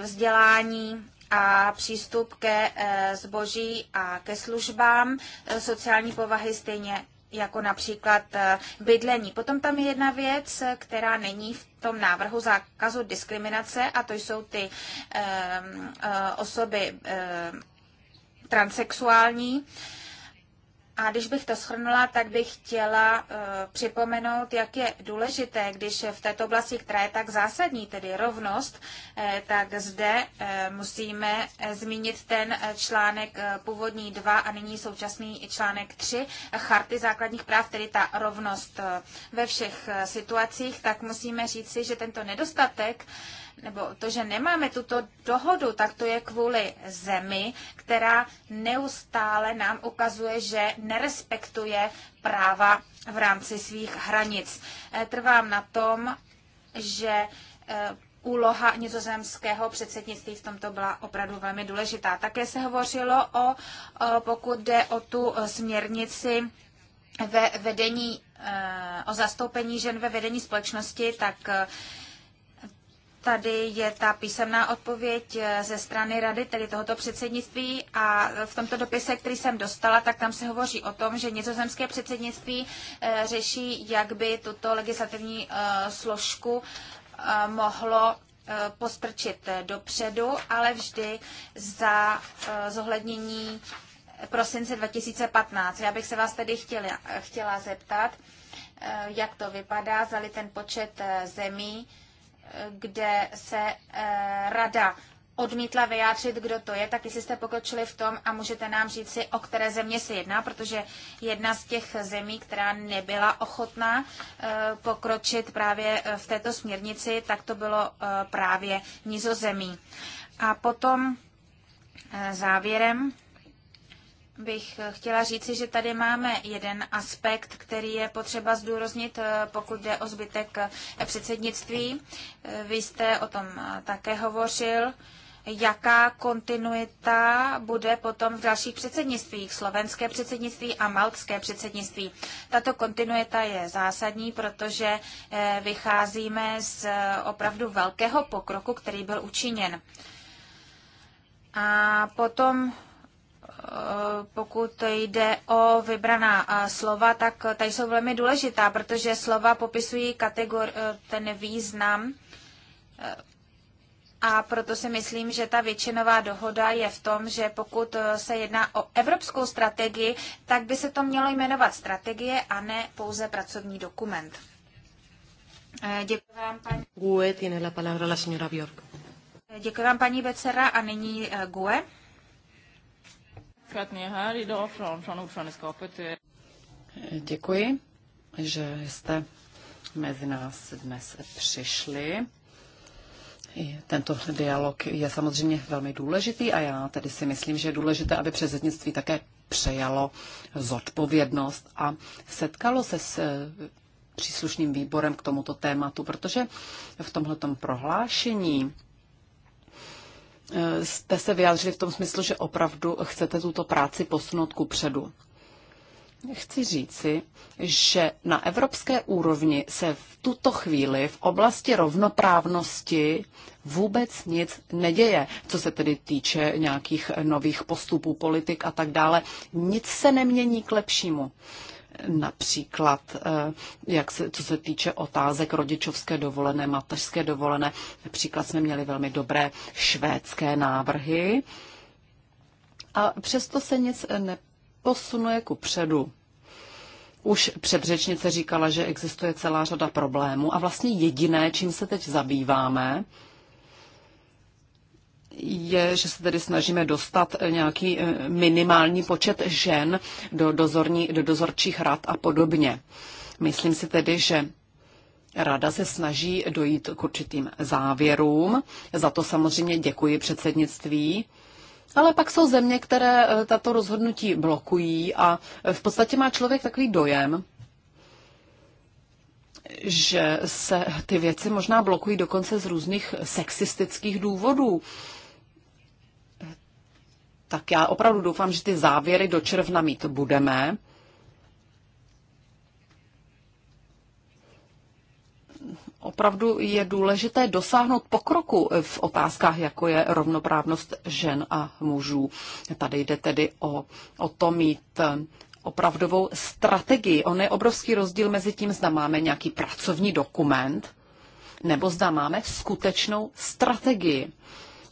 vzdělání a přístup ke eh, zboží a ke službám eh, sociální povahy stejně jako například eh, bydlení. Potom tam je jedna věc, která není v tom návrhu zákazu diskriminace a to jsou ty eh, osoby eh, transexuální. Eh, a když bych to shrnula, tak bych chtěla eh, připomenout, jak je důležité, když v této oblasti, která je tak zásadní, tedy rovnost, eh, tak zde eh, musíme zmínit ten článek původní 2 a nyní současný článek 3 Charty základních práv, tedy ta rovnost ve všech situacích, tak musíme říci, že tento nedostatek nebo to, že nemáme tuto dohodu, tak to je kvůli zemi, která neustále nám ukazuje, že nerespektuje práva v rámci svých hranic. Eh, trvám na tom, že eh, úloha nizozemského předsednictví v tomto byla opravdu velmi důležitá. Také se hovořilo o, pokud jde o tu eh, směrnici ve vedení, o zastoupení žen ve vedení společnosti, tak Tady je ta písemná odpověď eh, ze strany rady, tedy tohoto předsednictví a eh, v tomto dopise, který jsem dostala, tak tam se hovoří o tom, že nizozemské předsednictví eh, řeší, jak by tuto legislativní složku mohlo postrčit dopředu, ale vždy za zohlednění prosince 2015. Já bych se vás tedy chtěla, chtěla zeptat, jak to vypadá, zali ten počet zemí, kde se eh, rada odmítla vyjádřit, kdo to je, tak jestli jste pokročili v tom a můžete nám říct si, o které země se jedná, protože jedna z těch zemí, která nebyla ochotná eh, pokročit právě eh, v této směrnici, tak to bylo právě nizozemí. A potom závěrem bych chtěla říci, že tady máme jeden aspekt, který je potřeba zdůraznit, eh, pokud jde o zbytek eh, předsednictví. Eh, vy jste o tom také hovořil. Jaká kontinuita bude potom v dalších předsednictvích, slovenské předsednictví a maltské předsednictví? Tato kontinuita je zásadní, protože vycházíme z opravdu velkého pokroku, který byl učiněn. A potom pokud jde o vybraná slova, tak tady jsou velmi důležitá, protože slova popisují kategor, e, ten význam e, a proto si myslím, že ta většinová dohoda je v tom, že pokud e, se jedná o evropskou strategii, tak by se to mělo jmenovat strategie a ne pouze pracovní dokument. Děkuji vám, paní. GUE tiene la palabra la señora Děkuji vám, paní Becerra a nyní GUE för att ni är här idag från, från ordförandeskapet. Děkuji, že jste mezi nás dnes přišli. Tento dialog je samozřejmě velmi důležitý a já tedy si myslím, že je důležité, aby předsednictví také přejalo zodpovědnost a setkalo se s eh, příslušným výborem k tomuto tématu, protože v tomhletom prohlášení Eh, jste se vyjádřili v tom smyslu, že opravdu chcete tuto práci posunout ku předu. Chci říci, že na evropské úrovni se v tuto chvíli v oblasti rovnoprávnosti vůbec nic neděje, co se tedy týče nějakých nových postupů politik a tak dále. Nic se nemění k lepšímu například, eh, jak se, co se týče otázek rodičovské dovolené, mateřské dovolené. Například jsme měli velmi dobré švédské návrhy a přesto se nic neposunuje ku předu. Už předřečnice říkala, že existuje celá řada problémů a vlastně jediné, čím se teď zabýváme, je, že se tedy snažíme dostat eh, nějaký eh, minimální počet žen do, dozorní, do dozorčích rad a podobně. Myslím si tedy, že Rada se snaží dojít k určitým závěrům. Za to samozřejmě děkuji předsednictví. Ale pak jsou země, které eh, tato rozhodnutí blokují a v podstatě má člověk takový dojem, že se ty věci možná blokují dokonce z různých sexistických důvodů tak já opravdu doufám, že ty závěry do června mít budeme. Opravdu je důležité dosáhnout pokroku v otázkách, jako je rovnoprávnost žen a mužů. Tady jde tedy o, o to mít eh, opravdovou strategii. On je obrovský rozdíl mezi tím, zda máme nějaký pracovní dokument, nebo zda máme skutečnou strategii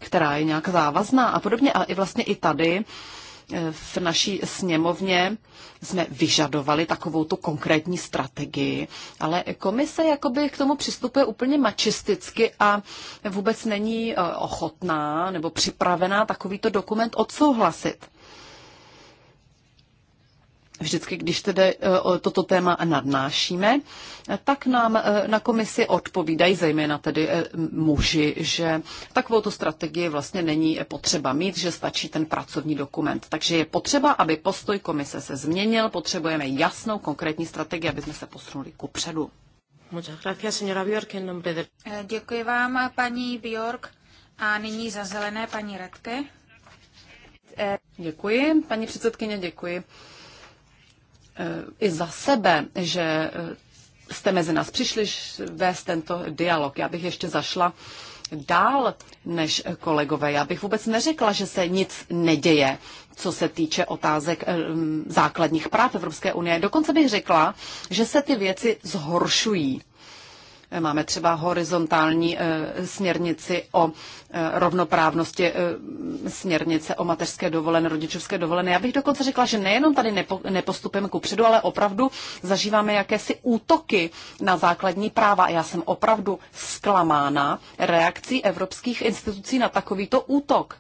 která je nějak závazná a podobně. A i vlastně i tady eh, v naší sněmovně jsme vyžadovali takovou tu konkrétní strategii, ale komise jakoby k tomu přistupuje úplně mačisticky a vůbec není eh, ochotná nebo připravená takovýto dokument odsouhlasit. Vždycky, když tedy e, toto téma nadnášíme, tak nám e, na komisi odpovídají zejména tedy e, muži, že takovou to strategii vlastně není potřeba mít, že stačí ten pracovní dokument. Takže je potřeba, aby postoj komise se změnil, potřebujeme jasnou konkrétní strategii, aby jsme se posunuli ku předu. Děkuji vám, paní Bjork. A nyní za zelené paní Radke. Děkuji, paní předsedkyně, děkuji i za sebe, že eh, jste mezi nás přišli vést tento dialog. Já bych ještě zašla dál než kolegové. Já bych vůbec neřekla, že se nic neděje, co se týče otázek eh, základních práv Evropské unie. Dokonce bych řekla, že se ty věci zhoršují. Máme třeba horizontální eh, směrnici o eh, rovnoprávnosti, eh, směrnice o mateřské dovolené, rodičovské dovolené. Já bych dokonce řekla, že nejenom tady nepostupujeme ku předu, ale opravdu zažíváme jakési útoky na základní práva. Já jsem opravdu zklamána reakcí evropských institucí na takovýto útok.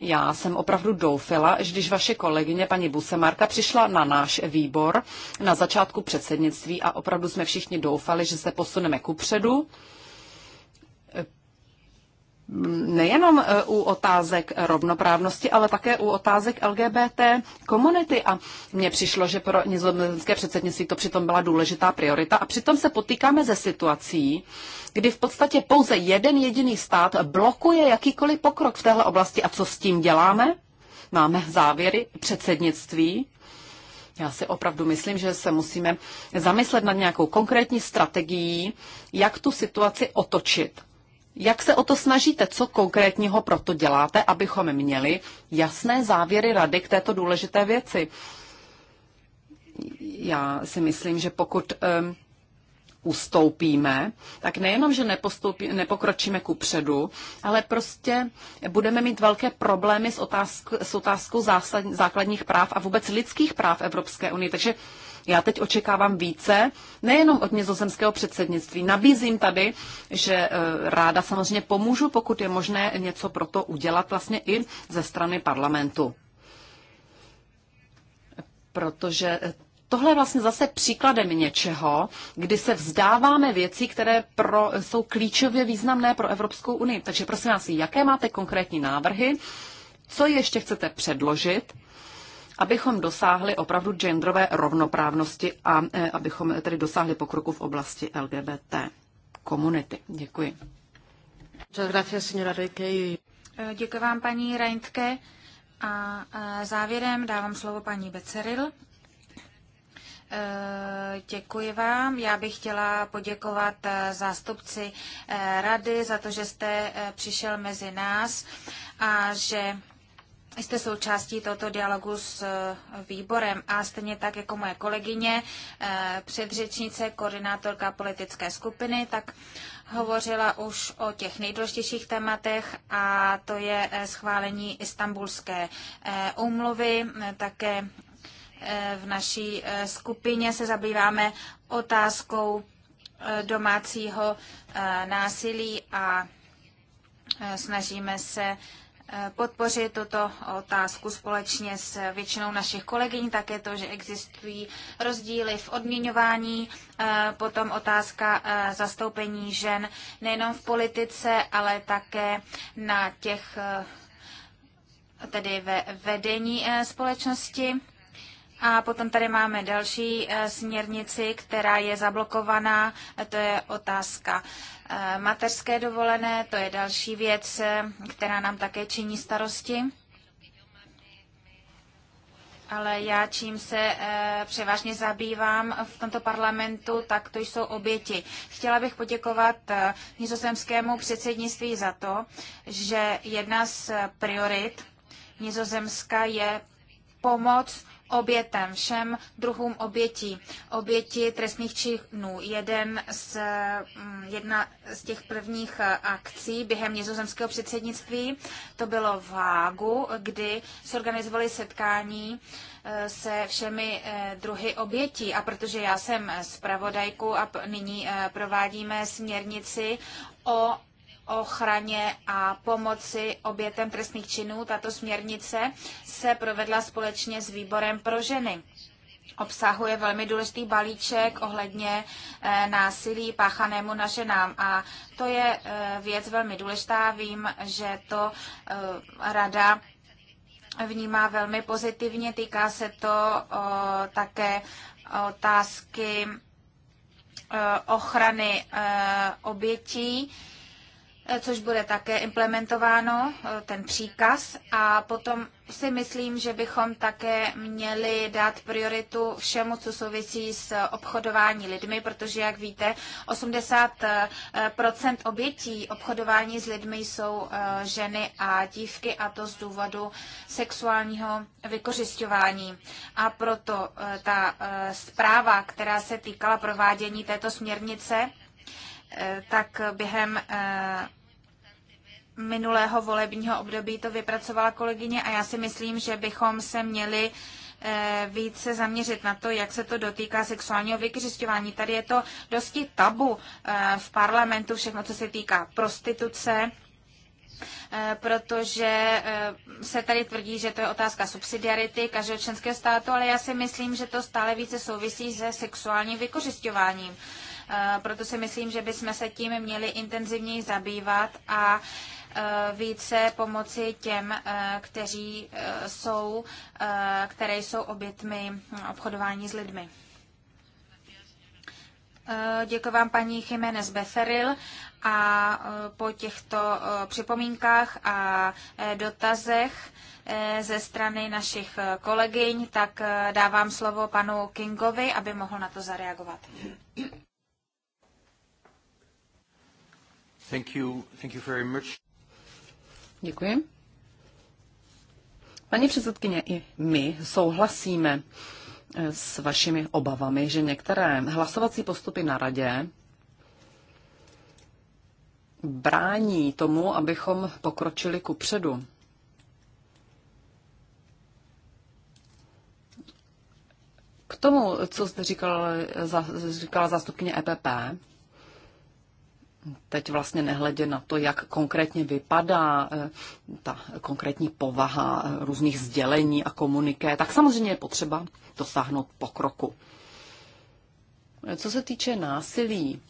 Já jsem opravdu doufila, že když vaše kolegyně paní Busemarka přišla na náš výbor na začátku předsednictví a opravdu jsme všichni doufali, že se posuneme ku předu, nejenom e, u otázek rovnoprávnosti, ale také u otázek LGBT komunity. A mně přišlo, že pro nizozemské předsednictví to přitom byla důležitá priorita. A přitom se potýkáme ze situací, kdy v podstatě pouze jeden jediný stát blokuje jakýkoliv pokrok v téhle oblasti. A co s tím děláme? Máme závěry předsednictví, já si opravdu myslím, že se musíme zamyslet nad nějakou konkrétní strategií, jak tu situaci otočit. Jak se o to snažíte? Co konkrétního proto děláte, abychom měli jasné závěry rady k této důležité věci? Já si myslím, že pokud um, ustoupíme, tak nejenom, že nepokročíme ku předu, ale prostě budeme mít velké problémy s, otázk, s otázkou zásad, základních práv a vůbec lidských práv Evropské unie. Takže já teď očekávám více, nejenom od nizozemského předsednictví. Nabízím tady, že eh, ráda samozřejmě pomůžu, pokud je možné něco pro to udělat vlastně i ze strany parlamentu. Protože eh, tohle je vlastně zase příkladem něčeho, kdy se vzdáváme věcí, které pro, jsou klíčově významné pro Evropskou unii. Takže prosím vás, jaké máte konkrétní návrhy, co ještě chcete předložit, abychom dosáhli opravdu genderové rovnoprávnosti a eh, abychom tedy dosáhli pokroku v oblasti LGBT komunity. Děkuji. Eh, děkuji vám, paní Reintke. A eh, závěrem dávám slovo paní Beceril. Děkuji vám. Já bych chtěla poděkovat zástupci rady za to, že jste přišel mezi nás a že jste součástí tohoto dialogu s eh, výborem a stejně tak jako moje kolegyně, eh, předřečnice, koordinátorka politické skupiny, tak hovořila už o těch nejdůležitějších tématech a to je eh, schválení istambulské úmluvy, také v naší skupině se zabýváme otázkou domácího násilí a snažíme se podpořit tuto otázku společně s většinou našich kolegyň, také to, že existují rozdíly v odměňování, eh, potom otázka eh, zastoupení žen nejenom v politice, ale také na těch, eh, tedy ve vedení společnosti. A potom tady máme další směrnici, která je zablokovaná, to je otázka Eh, mateřské dovolené, to je další věc, eh, která nám také činí starosti. Ale já čím se eh, převážně zabývám v tomto parlamentu, tak to jsou oběti. Chtěla bych poděkovat nizozemskému předsednictví za to, že jedna z priorit Nizozemska je pomoc obětem, všem druhům obětí, oběti trestných činů. Jeden z, mm, jedna z těch prvních eh, akcí během nizozemského předsednictví, to bylo v Hágu, kdy se organizovali setkání eh, se všemi eh, druhy obětí. A protože já jsem zpravodajku a nyní provádíme směrnici o ochraně a pomoci obětem trestných činů. Tato směrnice se provedla společně s výborem pro ženy obsahuje velmi důležitý balíček ohledně eh, násilí páchanému na ženám. A to je eh, věc velmi důležitá. Vím, že to eh, rada vnímá velmi pozitivně. Týká se to také otázky ochrany obětí což bude také implementováno, eh, ten příkaz. A potom si myslím, že bychom také měli dát prioritu všemu, co souvisí s obchodování lidmi, protože, jak víte, 80 eh, obětí obchodování s lidmi jsou eh, ženy a dívky, a to z důvodu sexuálního vykořišťování. A proto ta zpráva, která se týkala provádění této směrnice, tak během minulého volebního období to vypracovala kolegyně a já si myslím, že bychom se měli eh, více zaměřit na to, jak se to dotýká sexuálního vykřišťování. Tady je to dosti tabu eh, v parlamentu, všechno, co se týká prostituce, eh, protože se tady tvrdí, že to je otázka subsidiarity každého členského státu, ale já si myslím, že to stále více souvisí se sexuálním vykořišťováním. Proto si myslím, že bychom se tím měli intenzivněji zabývat a Eh, více pomoci těm, eh, kteří eh, jsou, které jsou obětmi obchodování s lidmi. Děkuji vám paní Jiménez Beferil a po těchto připomínkách a dotazech ze strany našich kolegyň, tak dávám slovo panu Kingovi, aby mohl na to zareagovat. Thank you. Thank you very much. Děkuji. Paní předsedkyně, i my souhlasíme eh, s vašimi obavami, že některé hlasovací postupy na radě brání tomu, abychom pokročili ku předu. K tomu, co zde říkala, říkala zástupkyně EPP, teď vlastně nehledě na to, jak konkrétně vypadá eh, ta konkrétní povaha eh, různých sdělení a komuniké, tak samozřejmě je potřeba dosáhnout pokroku. Eh, co se týče násilí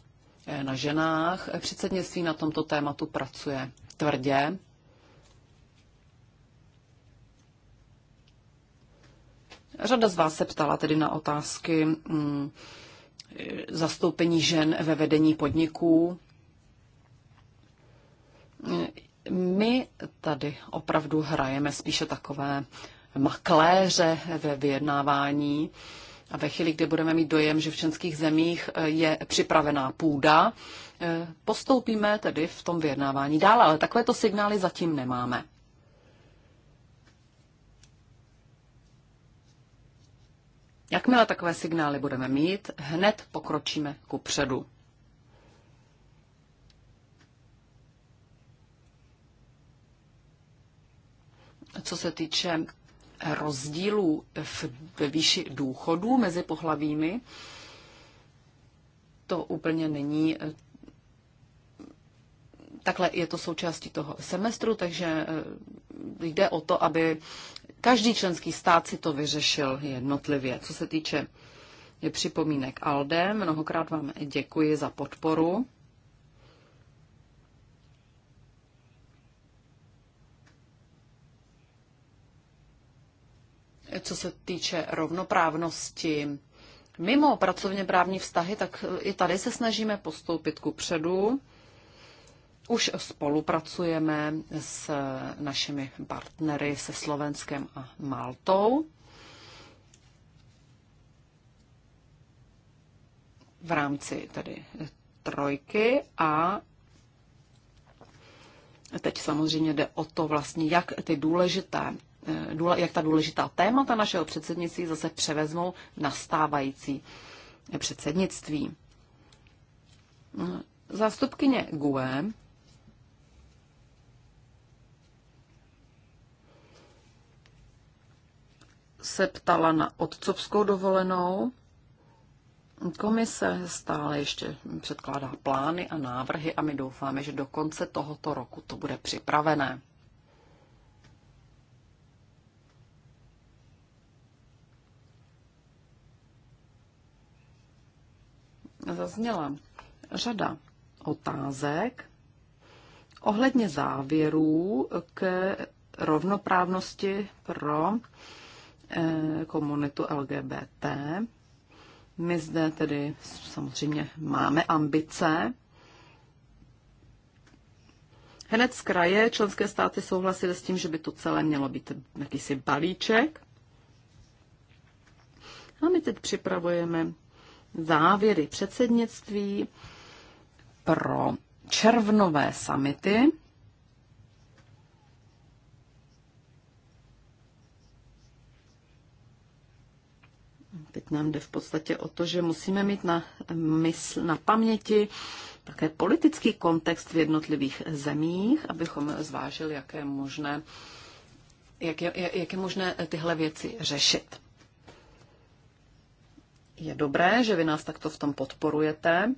na ženách, předsednictví na tomto tématu pracuje tvrdě. Řada z vás se ptala tedy na otázky mm, zastoupení žen ve vedení podniků. My tady opravdu hrajeme spíše takové makléře ve vyjednávání. A ve chvíli, kdy budeme mít dojem, že v českých zemích eh, je připravená půda, eh, postoupíme tedy v tom vyjednávání dále, ale takovéto signály zatím nemáme. Jakmile takové signály budeme mít, hned pokročíme ku předu. co se týče rozdílů v, výši důchodů mezi pohlavími, to úplně není eh, takhle je to součástí toho semestru, takže eh, jde o to, aby každý členský stát si to vyřešil jednotlivě. Co se týče je připomínek ALDE, mnohokrát vám děkuji za podporu. co se týče rovnoprávnosti mimo pracovně právní vztahy, tak i tady se snažíme postoupit ku předu. Už spolupracujeme s našimi partnery se Slovenskem a Maltou. v rámci tedy trojky a teď samozřejmě jde o to vlastně, jak ty důležité jak ta důležitá témata našeho předsednictví zase převezmou nastávající předsednictví. Zástupkyně GUE se ptala na otcovskou dovolenou. Komise stále ještě předkládá plány a návrhy a my doufáme, že do konce tohoto roku to bude připravené. zazněla řada otázek ohledně závěrů k rovnoprávnosti pro eh, komunitu LGBT. My zde tedy samozřejmě máme ambice. Hned z kraje členské státy souhlasily s tím, že by to celé mělo být jakýsi balíček. A my teď připravujeme závěry předsednictví pro červnové samity. Teď nám jde v podstatě o to, že musíme mít na, mysl, na paměti také politický kontext v jednotlivých zemích, abychom zvážili, jaké možné, jak je, jak je možné tyhle věci řešit je dobré, že vy nás takto v tom podporujete.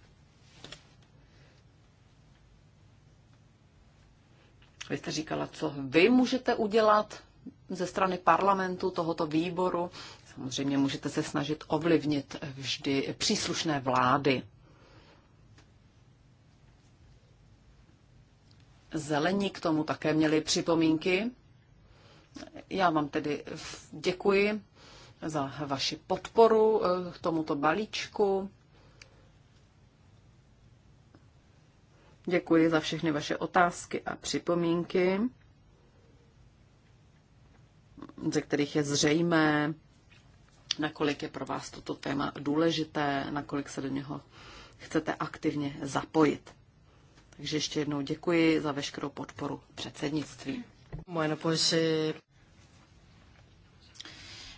Vy jste říkala, co vy můžete udělat ze strany parlamentu, tohoto výboru. Samozřejmě můžete se snažit ovlivnit vždy příslušné vlády. Zelení k tomu také měli připomínky. Já vám tedy děkuji za vaši podporu eh, k tomuto balíčku. Děkuji za všechny vaše otázky a připomínky, ze kterých je zřejmé, nakolik je pro vás toto téma důležité, nakolik se do něho chcete aktivně zapojit. Takže ještě jednou děkuji za veškerou podporu předsednictví. Bueno, pues, eh...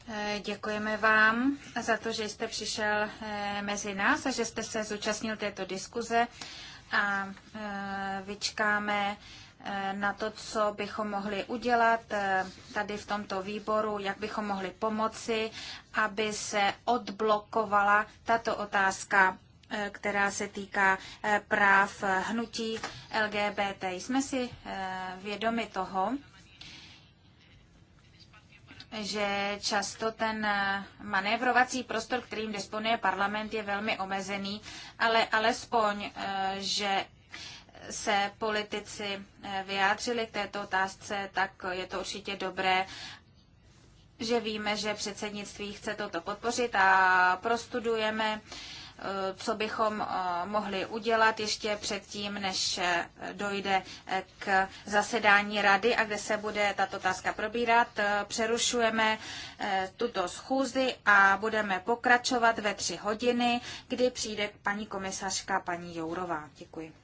Eh, děkujeme vám za to, že jste přišel eh, mezi nás a že jste se zúčastnil této diskuze a eh, vyčkáme na to, co bychom mohli udělat tady v tomto výboru, jak bychom mohli pomoci, aby se odblokovala tato otázka která se týká práv hnutí LGBT. Jsme si vědomi toho, že často ten eh, manévrovací prostor, kterým disponuje parlament, je velmi omezený, ale alespoň, eh, že se politici eh, vyjádřili k této otázce, tak je to určitě dobré že víme, že předsednictví chce toto podpořit a prostudujeme uh, Eh, co bychom eh, mohli udělat ještě předtím, než eh, dojde k zasedání rady a kde se bude tato otázka probírat. Přerušujeme tuto schůzi a budeme pokračovat ve tři hodiny, kdy přijde paní komisařka paní Jourová. Děkuji.